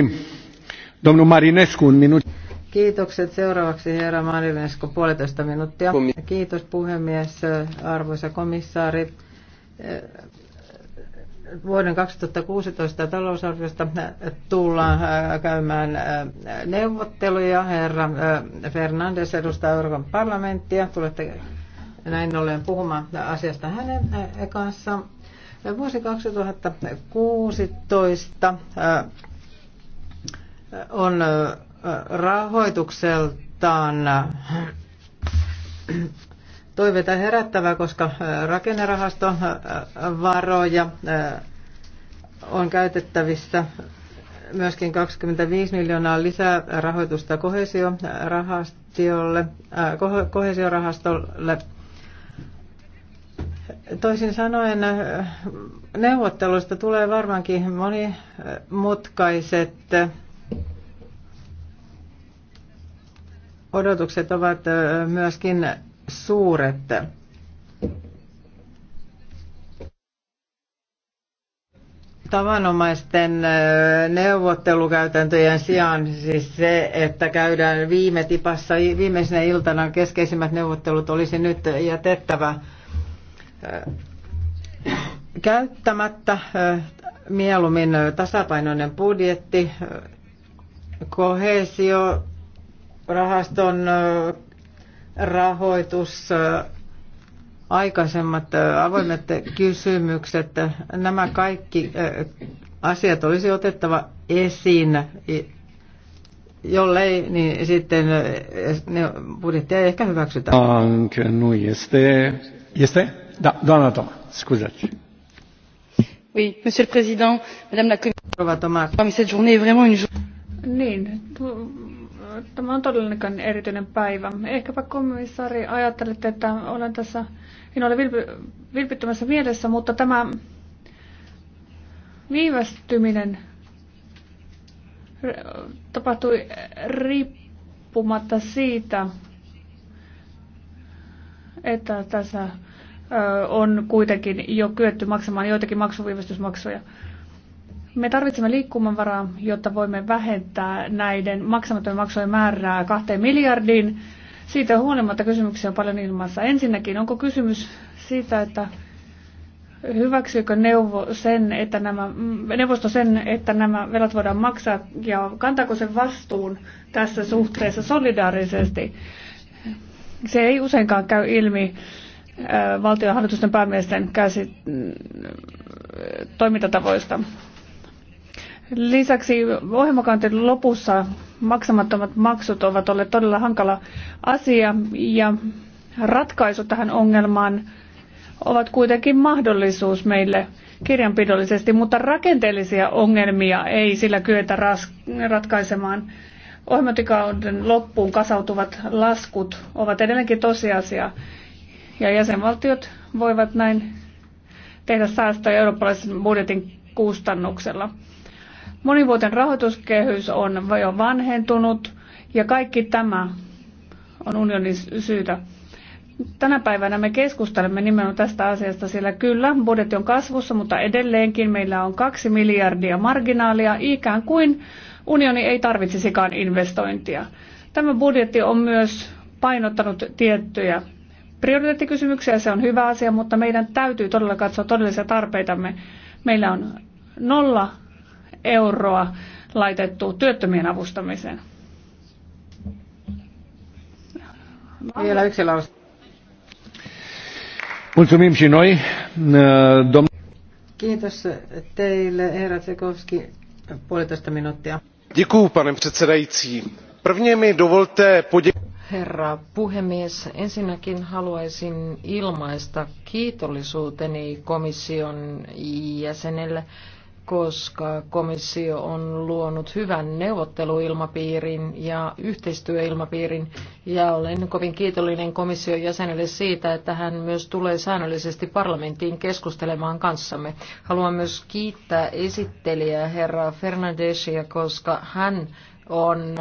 Domnu Marinescu, minuutti. Kiitokset. Seuraavaksi herra Marilensko, puolitoista minuuttia. Kiitos puhemies, arvoisa komissaari. Vuoden 2016 talousarviosta tullaan äh, käymään äh, neuvotteluja. Herra äh, Fernandes edustaa Euroopan parlamenttia. Tulette näin ollen puhumaan asiasta hänen kanssaan. Vuosi 2016 on rahoitukseltaan toiveita herättävä, koska rakennerahaston varoja on käytettävissä myöskin 25 miljoonaa lisää rahoitusta kohesiorahastiolle, kohesiorahastolle. Toisin sanoen neuvotteluista tulee varmaankin monimutkaiset odotukset ovat myöskin suuret. tavanomaisten neuvottelukäytäntöjen sijaan siis se, että käydään viime tipassa viimeisenä iltana keskeisimmät neuvottelut olisi nyt jätettävä käyttämättä mieluummin tasapainoinen budjetti, kohesio, rahaston rahoitus, aikaisemmat avoimet kysymykset, nämä kaikki asiat olisi otettava esiin, jollei, niin sitten ne budjettia ei ehkä hyväksytä. Anche noi este, este? Da, doamna Toma, scuzaci. Oui, monsieur le président, madame la commissaire, cette journée est vraiment une journée... Niin, Tämä on todellakin erityinen päivä. Ehkäpä komissaari ajattelitte, että olen tässä, en ole vilpi, vilpittömässä mielessä, mutta tämä viivästyminen tapahtui riippumatta siitä, että tässä on kuitenkin jo kyetty maksamaan joitakin maksuviivästysmaksuja. Me tarvitsemme liikkumavaraa, jotta voimme vähentää näiden maksamattomien maksujen määrää kahteen miljardiin. Siitä huolimatta kysymyksiä on paljon ilmassa. Ensinnäkin, onko kysymys siitä, että hyväksyykö neuvo sen, että nämä, neuvosto sen, että nämä velat voidaan maksaa ja kantaako se vastuun tässä suhteessa solidaarisesti? Se ei useinkaan käy ilmi valtionhallitusten päämiesten käsi, toimintatavoista. Lisäksi ohjelmakanteen lopussa maksamattomat maksut ovat olleet todella hankala asia ja ratkaisu tähän ongelmaan ovat kuitenkin mahdollisuus meille kirjanpidollisesti, mutta rakenteellisia ongelmia ei sillä kyetä ratkaisemaan. Ohjelmatikauden loppuun kasautuvat laskut ovat edelleenkin tosiasia ja jäsenvaltiot voivat näin tehdä säästöjä eurooppalaisen budjetin kustannuksella. Monivuoten rahoituskehys on jo vanhentunut ja kaikki tämä on unionin syytä. Tänä päivänä me keskustelemme nimenomaan tästä asiasta, sillä kyllä budjetti on kasvussa, mutta edelleenkin meillä on kaksi miljardia marginaalia, ikään kuin unioni ei tarvitsisikaan investointia. Tämä budjetti on myös painottanut tiettyjä prioriteettikysymyksiä, se on hyvä asia, mutta meidän täytyy todella katsoa todellisia tarpeitamme. Meillä on nolla euroa laitettu työttömien avustamiseen. Vielä yksi lause. Mulțumim și noi. Kiitos teille, herra Tsekovski, puolitoista minuuttia. Děkuji, pane předsedající. Prvně mi dovolte poděkovat. Herra puhemies, ensinnäkin haluaisin ilmaista kiitollisuuteni komission jäsenelle koska komissio on luonut hyvän neuvotteluilmapiirin ja yhteistyöilmapiirin. Ja olen kovin kiitollinen komission jäsenelle siitä, että hän myös tulee säännöllisesti parlamenttiin keskustelemaan kanssamme. Haluan myös kiittää esittelijää herra Fernandesia, koska hän on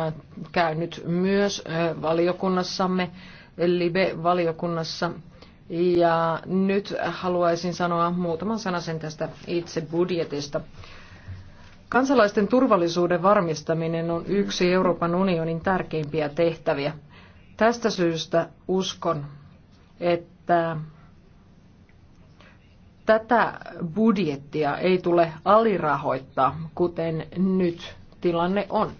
käynyt myös valiokunnassamme, Libe-valiokunnassa ja nyt haluaisin sanoa muutaman sanasen tästä itse budjetista. Kansalaisten turvallisuuden varmistaminen on yksi Euroopan unionin tärkeimpiä tehtäviä. Tästä syystä uskon, että tätä budjettia ei tule alirahoittaa, kuten nyt tilanne on.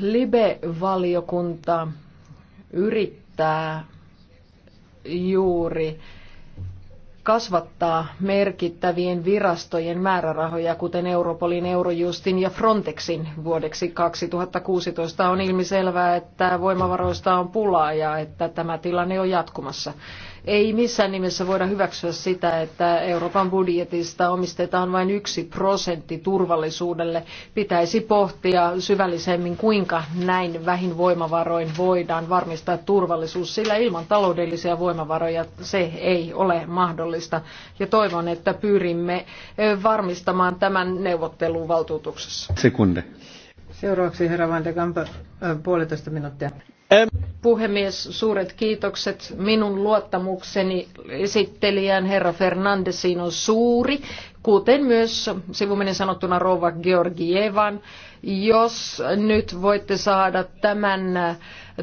Libe-valiokunta yrittää juuri kasvattaa merkittävien virastojen määrärahoja, kuten Europolin, Eurojustin ja Frontexin vuodeksi 2016. On ilmiselvää, että voimavaroista on pulaa ja että tämä tilanne on jatkumassa. Ei missään nimessä voida hyväksyä sitä, että Euroopan budjetista omistetaan vain yksi prosentti turvallisuudelle. Pitäisi pohtia syvällisemmin, kuinka näin vähin voimavaroin voidaan varmistaa turvallisuus, sillä ilman taloudellisia voimavaroja se ei ole mahdollista. Ja toivon, että pyrimme eh, varmistamaan tämän neuvotteluvaltuutuksessa. Sekunde. Seuraavaksi herra Van de Kamp, eh, puolitoista minuuttia. Puhemies, suuret kiitokset. Minun luottamukseni esittelijään herra Fernandesiin on suuri, kuten myös sivuminen sanottuna rouva Georgievan. Jos nyt voitte saada tämän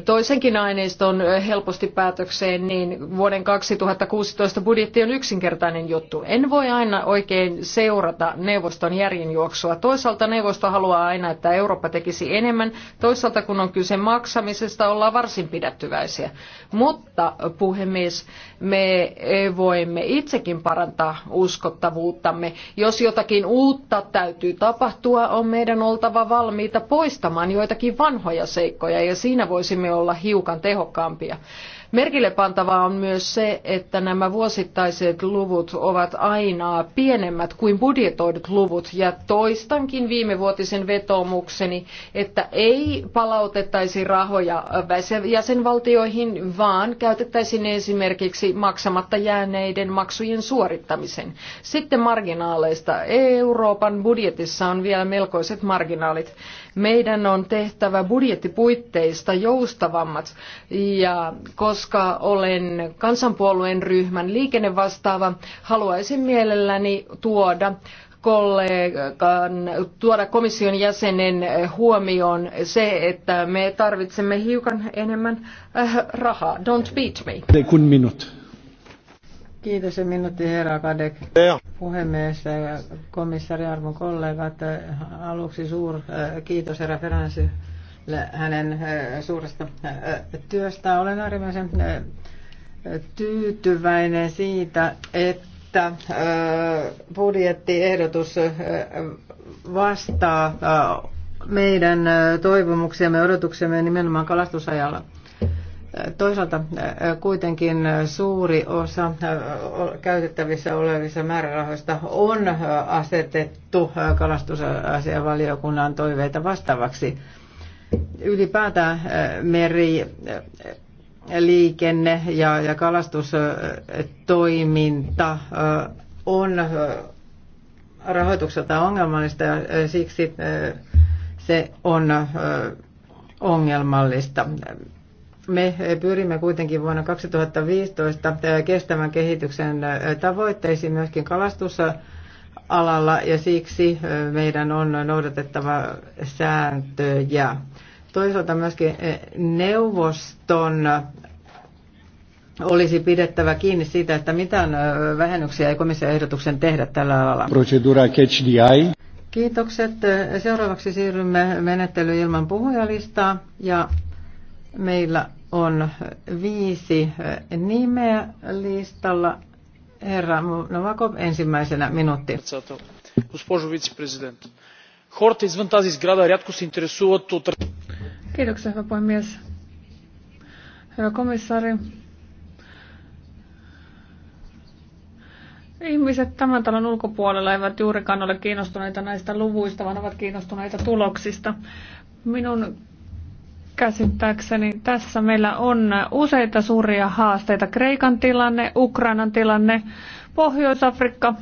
toisenkin aineiston helposti päätökseen, niin vuoden 2016 budjetti on yksinkertainen juttu. En voi aina oikein seurata neuvoston järjenjuoksua. Toisaalta neuvosto haluaa aina, että Eurooppa tekisi enemmän. Toisaalta kun on kyse maksamisesta, ollaan varsin pidättyväisiä. Mutta puhemies, me voimme itsekin parantaa uskottavuuttamme. Jos jotakin uutta täytyy tapahtua, on meidän oltava valmiita poistamaan joitakin vanhoja seikkoja ja siinä voisimme olla hiukan tehokkaampia. Merkille pantavaa on myös se, että nämä vuosittaiset luvut ovat aina pienemmät kuin budjetoidut luvut ja toistankin viimevuotisen vetoomukseni, että ei palautettaisi rahoja jäsenvaltioihin, vaan käytettäisiin esimerkiksi maksamatta jääneiden maksujen suorittamisen. Sitten marginaaleista. Euroopan budjetissa on vielä melkoiset marginaalit. Meidän on tehtävä budjettipuitteista joustavammat ja koska olen kansanpuolueen ryhmän liikennevastaava, haluaisin mielelläni tuoda kollegan, tuoda komission jäsenen huomioon se, että me tarvitsemme hiukan enemmän äh, rahaa. Don't beat me. Kun minut. Kiitos ja minuutti herra Kadek. Puhemies, äh, komissari arvon kollegat, äh, aluksi suur äh, kiitos herra Feransi hänen suuresta työstä. Olen äärimmäisen tyytyväinen siitä, että budjettiehdotus vastaa meidän toivomuksiamme ja odotuksiamme nimenomaan kalastusajalla. Toisaalta kuitenkin suuri osa käytettävissä olevissa määrärahoista on asetettu kalastusasiavaliokunnan toiveita vastaavaksi. Ylipäätään meri liikenne ja, ja kalastustoiminta on rahoitukselta ongelmallista ja siksi se on ongelmallista. Me pyrimme kuitenkin vuonna 2015 kestävän kehityksen tavoitteisiin myöskin kalastusalalla ja siksi meidän on noudatettava sääntöjä. Toisaalta myöskin neuvoston olisi pidettävä kiinni siitä, että mitään vähennyksiä ei komission ehdotuksen tehdä tällä alalla. Procedura catch the eye. Kiitokset. Seuraavaksi siirrymme menettelyyn ilman puhujalistaa ja Meillä on viisi nimeä listalla. Herra Novakov ensimmäisenä minuutti. Kiitoksia, hyvä puhemies. Herra komissaari. Ihmiset tämän talon ulkopuolella eivät juurikaan ole kiinnostuneita näistä luvuista, vaan ovat kiinnostuneita tuloksista. Minun Käsittääkseni tässä meillä on useita suuria haasteita. Kreikan tilanne, Ukrainan tilanne, Pohjois-Afrikka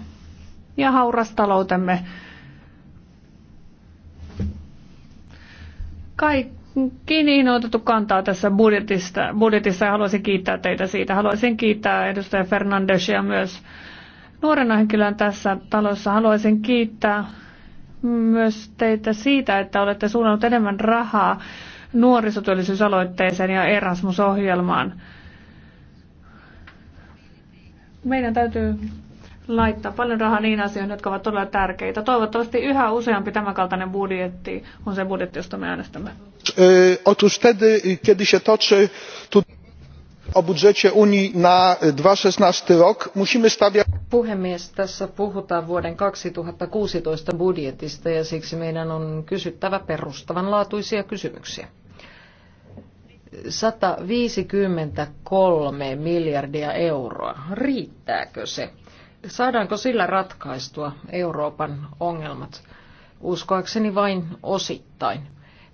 ja haurastaloutemme. Kaikki niin on otettu kantaa tässä budjetista, budjetissa ja haluaisin kiittää teitä siitä. Haluaisin kiittää edustaja Fernandesia myös nuorena henkilön tässä talossa. Haluaisin kiittää myös teitä siitä, että olette suunnannut enemmän rahaa nuorisotyöllisyysaloitteeseen ja Erasmus-ohjelmaan. Meidän täytyy laittaa paljon rahaa niin asioihin, jotka ovat todella tärkeitä. Toivottavasti yhä useampi tämänkaltainen budjetti on se budjetti, josta me äänestämme. Otóż wtedy, kiedy się toczy tu o budżecie Unii na 2016 rok, musimy stawiać... Puhemies, tässä puhutaan vuoden 2016 budjetista ja siksi meidän on kysyttävä perustavanlaatuisia kysymyksiä. 153 miljardia euroa. Riittääkö se? Saadaanko sillä ratkaistua Euroopan ongelmat? Uskoakseni vain osittain.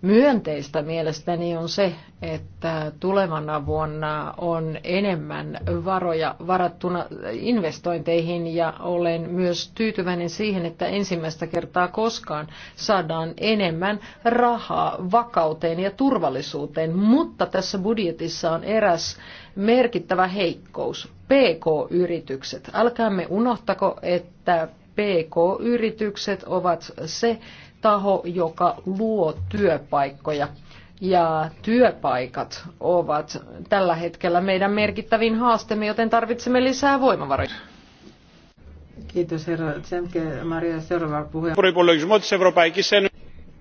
Myönteistä mielestäni on se, että tulevana vuonna on enemmän varoja varattuna investointeihin ja olen myös tyytyväinen siihen, että ensimmäistä kertaa koskaan saadaan enemmän rahaa vakauteen ja turvallisuuteen, mutta tässä budjetissa on eräs merkittävä heikkous. PK-yritykset. Älkäämme unohtako, että PK-yritykset ovat se taho, joka luo työpaikkoja. Ja työpaikat ovat tällä hetkellä meidän merkittävin haasteemme, joten tarvitsemme lisää voimavaroja. Kiitos herra Tsemke. Maria, seuraava puhuja.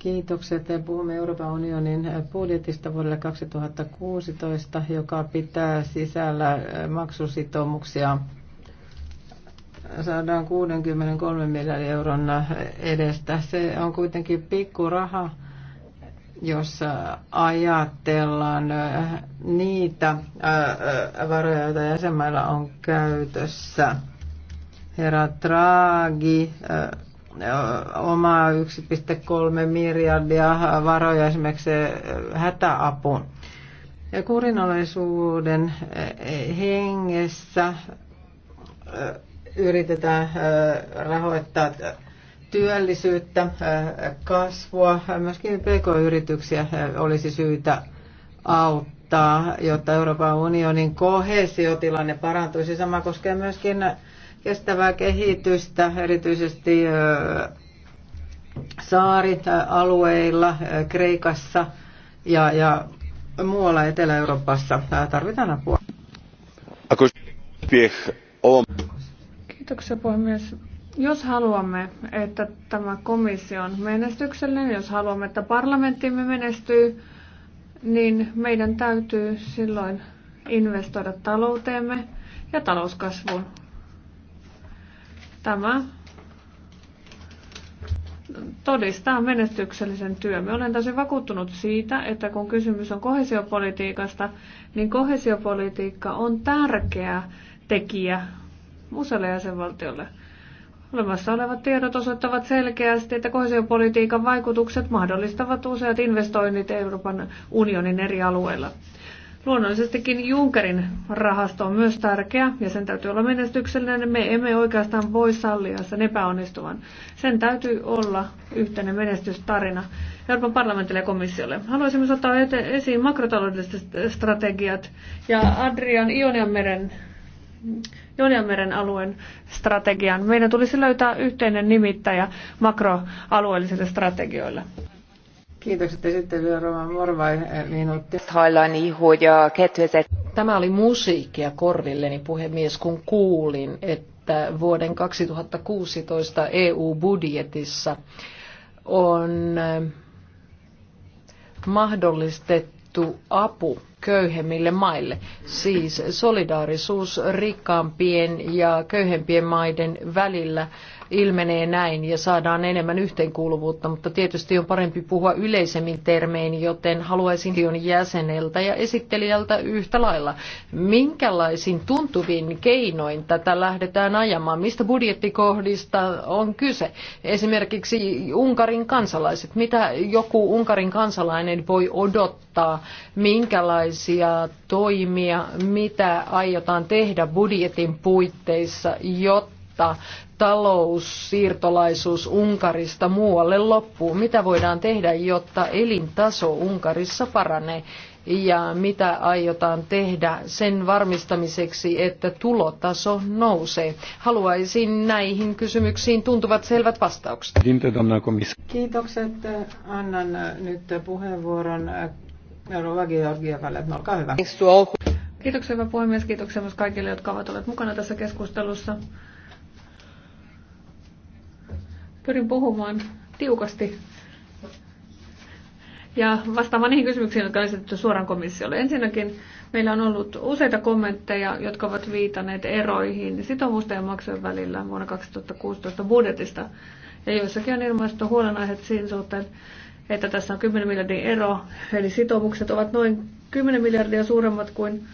Kiitokset. Puhumme Euroopan unionin budjetista vuodelle 2016, joka pitää sisällä maksusitoumuksia saadaan 63 miljardin euron edestä. Se on kuitenkin pikkuraha, jos ajatellaan niitä varoja, joita jäsenmailla on käytössä. Herra Draghi omaa 1,3 miljardia varoja esimerkiksi hätäapuun. Ja kurinalaisuuden hengessä yritetään rahoittaa työllisyyttä, kasvua, myöskin pk-yrityksiä olisi syytä auttaa, jotta Euroopan unionin kohesiotilanne parantuisi. Sama koskee myöskin kestävää kehitystä, erityisesti saarit-alueilla Kreikassa ja, ja muualla Etelä-Euroopassa. Tarvitaan apua. Kiitoksia puhemies. Jos haluamme, että tämä komissio on menestyksellinen, jos haluamme, että parlamenttimme menestyy, niin meidän täytyy silloin investoida talouteemme ja talouskasvuun. Tämä todistaa menestyksellisen työmme. Olen tosi vakuuttunut siitä, että kun kysymys on kohesiopolitiikasta, niin kohesiopolitiikka on tärkeä tekijä sen valtiolle. Olemassa olevat tiedot osoittavat selkeästi, että kohesiopolitiikan vaikutukset mahdollistavat useat investoinnit Euroopan unionin eri alueilla. Luonnollisestikin Junckerin rahasto on myös tärkeä ja sen täytyy olla menestyksellinen. Me emme oikeastaan voi sallia sen epäonnistuvan. Sen täytyy olla yhteinen menestystarina Euroopan parlamentille ja komissiolle. Haluaisin myös ottaa esiin makrotaloudelliset strategiat ja Adrian Ionianmeren Joniameren alueen strategian. Meidän tulisi löytää yhteinen nimittäjä makroalueellisille strategioille. Kiitokset esittelyä Roma Morvai eh, minuutti. ihu ja Tämä oli musiikkia korvilleni puhemies, kun kuulin, että vuoden 2016 EU-budjetissa on eh, mahdollistettu apu köyhemmille maille. Siis solidaarisuus rikkaampien ja köyhempien maiden välillä ilmenee näin ja saadaan enemmän yhteenkuuluvuutta, mutta tietysti on parempi puhua yleisemmin termein, joten haluaisin on jäseneltä ja esittelijältä yhtä lailla. Minkälaisin tuntuvin keinoin tätä lähdetään ajamaan? Mistä budjettikohdista on kyse? Esimerkiksi Unkarin kansalaiset. Mitä joku Unkarin kansalainen voi odottaa? Minkälaisia toimia, mitä aiotaan tehdä budjetin puitteissa, jotta jotta taloussiirtolaisuus Unkarista muualle loppuu? Mitä voidaan tehdä, jotta elintaso Unkarissa paranee? Ja mitä aiotaan tehdä sen varmistamiseksi, että tulotaso nousee? Haluaisin näihin kysymyksiin tuntuvat selvät vastaukset. Kiitokset. Annan nyt puheenvuoron Georgievalle. Olkaa hyvä. Kiitoksia hyvä puhemies, kiitoksia myös kaikille, jotka ovat olleet mukana tässä keskustelussa. Pyrin puhumaan tiukasti ja vastaamaan niihin kysymyksiin, jotka on esitetty suoraan komissiolle. Ensinnäkin meillä on ollut useita kommentteja, jotka ovat viitanneet eroihin sitoumusten ja maksujen välillä vuonna 2016 budjetista. Ja joissakin on ilmaistu huolenaiheet siinä suhteen, että tässä on 10 miljardin ero, eli sitoumukset ovat noin 10 miljardia suuremmat kuin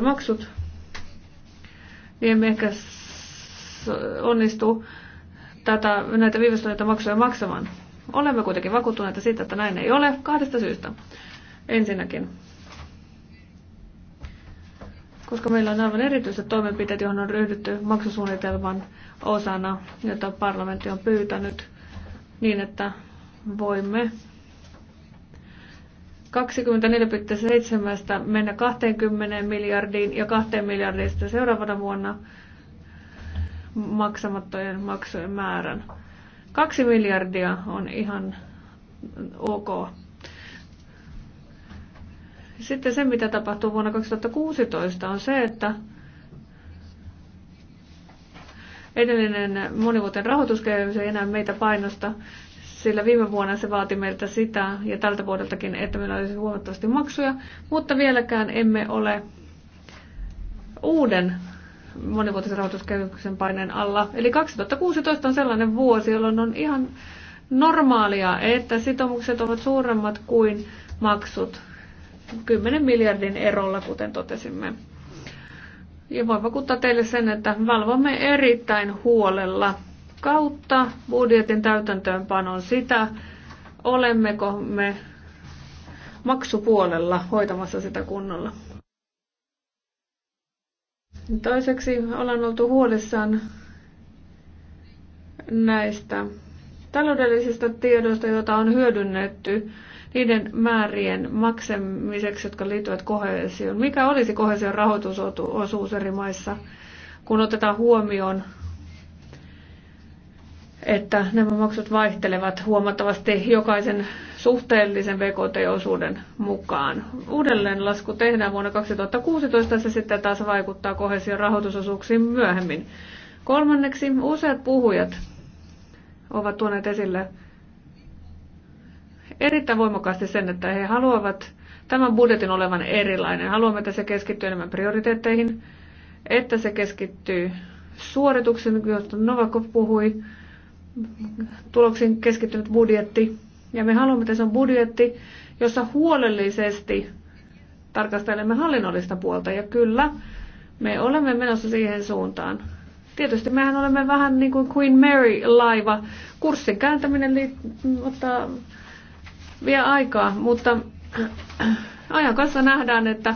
maksut. Niin emme ehkä onnistu tätä, näitä viivästyneitä maksuja maksamaan. Olemme kuitenkin vakuuttuneita siitä, että näin ei ole kahdesta syystä. Ensinnäkin, koska meillä on aivan erityiset toimenpiteet, johon on ryhdytty maksusuunnitelman osana, jota parlamentti on pyytänyt, niin että voimme 24,7 mennä 20 miljardiin ja 2 miljardista seuraavana vuonna – maksamattojen maksujen määrän. Kaksi miljardia on ihan ok. Sitten se, mitä tapahtuu vuonna 2016, on se, että edellinen monivuotinen rahoituskehys ei enää meitä painosta, sillä viime vuonna se vaati meiltä sitä ja tältä vuodeltakin, että meillä olisi huomattavasti maksuja, mutta vieläkään emme ole uuden monivuotisen rahoituskehyksen paineen alla. Eli 2016 on sellainen vuosi, jolloin on ihan normaalia, että sitoumukset ovat suuremmat kuin maksut 10 miljardin erolla, kuten totesimme. Ja voin vakuuttaa teille sen, että valvomme erittäin huolella kautta budjetin täytäntöönpanon sitä, olemmeko me maksupuolella hoitamassa sitä kunnolla. Toiseksi ollaan oltu huolissaan näistä taloudellisista tiedoista, joita on hyödynnetty niiden määrien maksamiseksi, jotka liittyvät kohesioon. Mikä olisi kohesion rahoitusosuus eri maissa, kun otetaan huomioon että nämä maksut vaihtelevat huomattavasti jokaisen suhteellisen vkt osuuden mukaan. Uudelleen lasku tehdään vuonna 2016 ja se sitten taas vaikuttaa kohesion rahoitusosuuksiin myöhemmin. Kolmanneksi useat puhujat ovat tuoneet esille erittäin voimakkaasti sen, että he haluavat tämän budjetin olevan erilainen. Haluamme, että se keskittyy enemmän prioriteetteihin, että se keskittyy suorituksiin, joista Novakov puhui, tuloksiin keskittynyt budjetti. Ja me haluamme, että se on budjetti, jossa huolellisesti tarkastelemme hallinnollista puolta. Ja kyllä, me olemme menossa siihen suuntaan. Tietysti mehän olemme vähän niin kuin Queen Mary-laiva. Kurssin kääntäminen liit- ottaa, vie aikaa, mutta (clears throat) ajan kanssa nähdään, että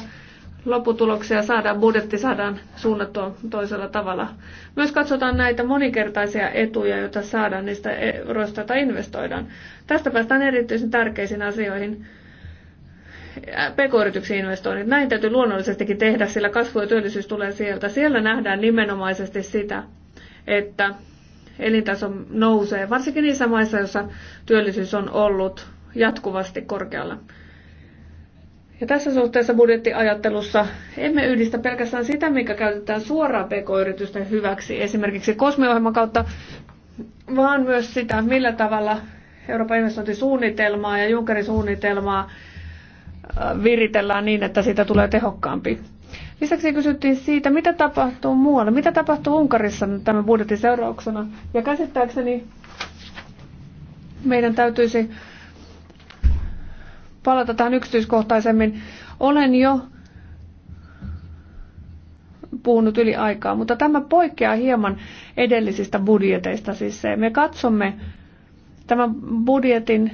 lopputuloksia saadaan, budjetti saadaan suunnattua toisella tavalla. Myös katsotaan näitä monikertaisia etuja, joita saadaan niistä euroista, joita investoidaan. Tästä päästään erityisen tärkeisiin asioihin. PK-yrityksiin investoinnit. Näin täytyy luonnollisestikin tehdä, sillä kasvu ja työllisyys tulee sieltä. Siellä nähdään nimenomaisesti sitä, että elintaso nousee, varsinkin niissä maissa, joissa työllisyys on ollut jatkuvasti korkealla. Ja tässä suhteessa budjettiajattelussa emme yhdistä pelkästään sitä, mikä käytetään suoraan pk-yritysten hyväksi, esimerkiksi kosmiohjelman kautta, vaan myös sitä, millä tavalla Euroopan investointisuunnitelmaa ja Junckerin suunnitelmaa äh, viritellään niin, että siitä tulee tehokkaampi. Lisäksi kysyttiin siitä, mitä tapahtuu muualla, mitä tapahtuu Unkarissa tämän budjetin seurauksena. Ja käsittääkseni meidän täytyisi palata tähän yksityiskohtaisemmin. Olen jo puhunut yli aikaa, mutta tämä poikkeaa hieman edellisistä budjeteista. Siis me katsomme tämän budjetin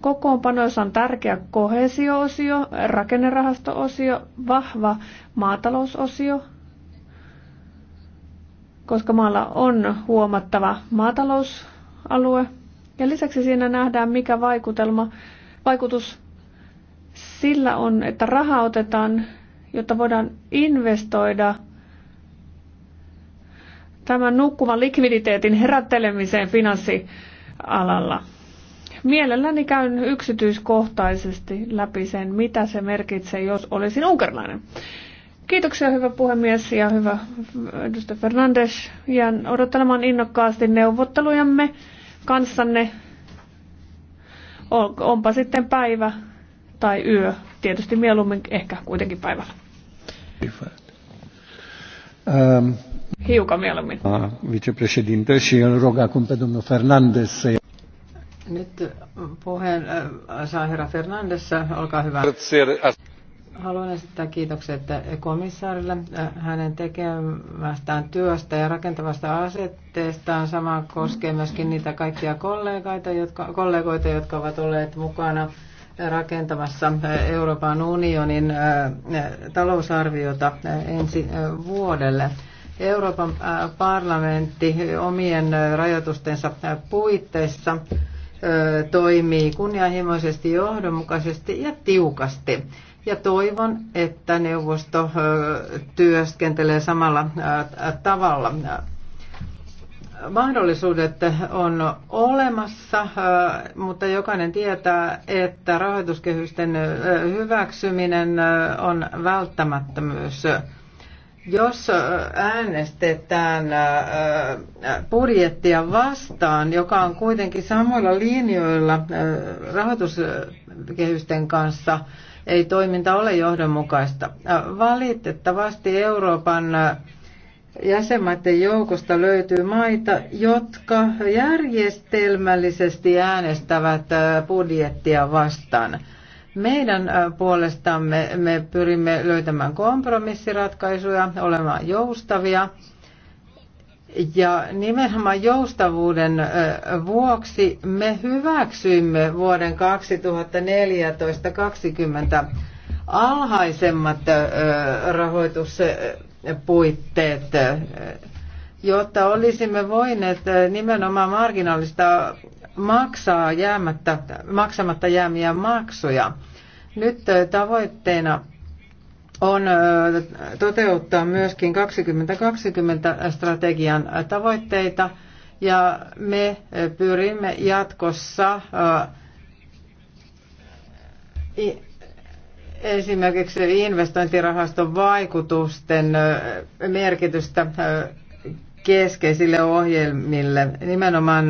kokoonpanoissa on tärkeä kohesioosio, rakennerahastoosio, vahva maatalousosio, koska maalla on huomattava maatalousalue. Ja lisäksi siinä nähdään, mikä vaikutelma, vaikutus sillä on, että raha otetaan, jotta voidaan investoida tämän nukkuvan likviditeetin herättelemiseen finanssialalla. Mielelläni käyn yksityiskohtaisesti läpi sen, mitä se merkitsee, jos olisin unkarilainen. Kiitoksia hyvä puhemies ja hyvä edustaja Fernandes. Jään odottelemaan innokkaasti neuvottelujamme kanssanne. Onpa sitten päivä tai yö. Tietysti mieluummin ehkä kuitenkin päivällä. Um, Hiukan mieluummin. Äh, vicepresidente, și îl rog nyt puheen äh, saa herra Fernandes, olkaa hyvä. Haluan esittää kiitokset komissaarille äh, hänen tekemästään työstä ja rakentavasta asetteestaan. Sama koskee myöskin niitä kaikkia kollegoita, jotka, kollegoita, jotka ovat olleet mukana rakentamassa Euroopan unionin talousarviota ensi vuodelle. Euroopan parlamentti omien rajoitustensa puitteissa toimii kunnianhimoisesti, johdonmukaisesti ja tiukasti. Ja toivon, että neuvosto työskentelee samalla tavalla mahdollisuudet on olemassa, äh, mutta jokainen tietää, että rahoituskehysten äh, hyväksyminen äh, on välttämättömyys. Jos äänestetään budjettia vastaan, joka on kuitenkin samoilla linjoilla rahoituskehysten kanssa, ei toiminta ole johdonmukaista. Valitettavasti Euroopan jäsenmaiden joukosta löytyy maita, jotka järjestelmällisesti äänestävät budjettia vastaan. Meidän puolestamme me pyrimme löytämään kompromissiratkaisuja, olemaan joustavia. Ja nimenomaan joustavuuden vuoksi me hyväksyimme vuoden 2014-2020 alhaisemmat rahoitus puitteet, jotta olisimme voineet nimenomaan marginaalista maksaa jäämättä, maksamatta jäämiä maksuja. Nyt tavoitteena on toteuttaa myöskin 2020-strategian tavoitteita ja me pyrimme jatkossa esimerkiksi investointirahaston vaikutusten merkitystä keskeisille ohjelmille. Nimenomaan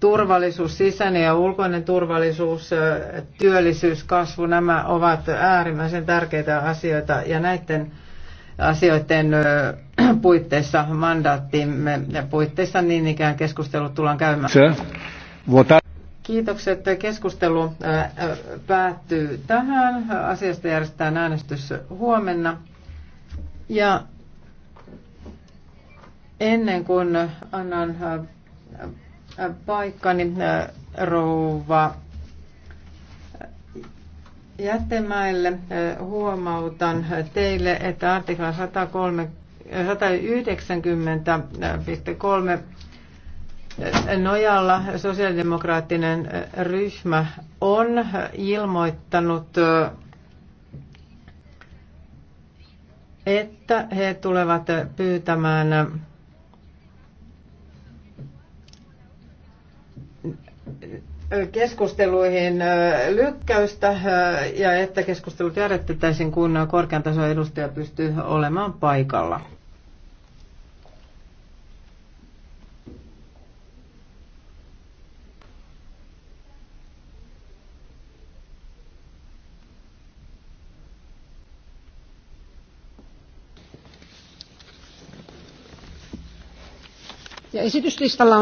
turvallisuus, sisäinen ja ulkoinen turvallisuus, työllisyys, kasvu, nämä ovat äärimmäisen tärkeitä asioita ja näiden asioiden (clears throat) puitteissa, mandaattimme puitteissa niin ikään keskustelut tullaan käymään. Kiitokset. Keskustelu päättyy tähän. Asiasta järjestetään äänestys huomenna. Ja ennen kuin annan paikkani rouva jättemäille, huomautan teille, että artikla 190.3 nojalla sosiaalidemokraattinen ryhmä on ilmoittanut, että he tulevat pyytämään keskusteluihin lykkäystä ja että keskustelut järjestettäisiin, kun korkean tason edustaja pystyy olemaan paikalla. esityslistalla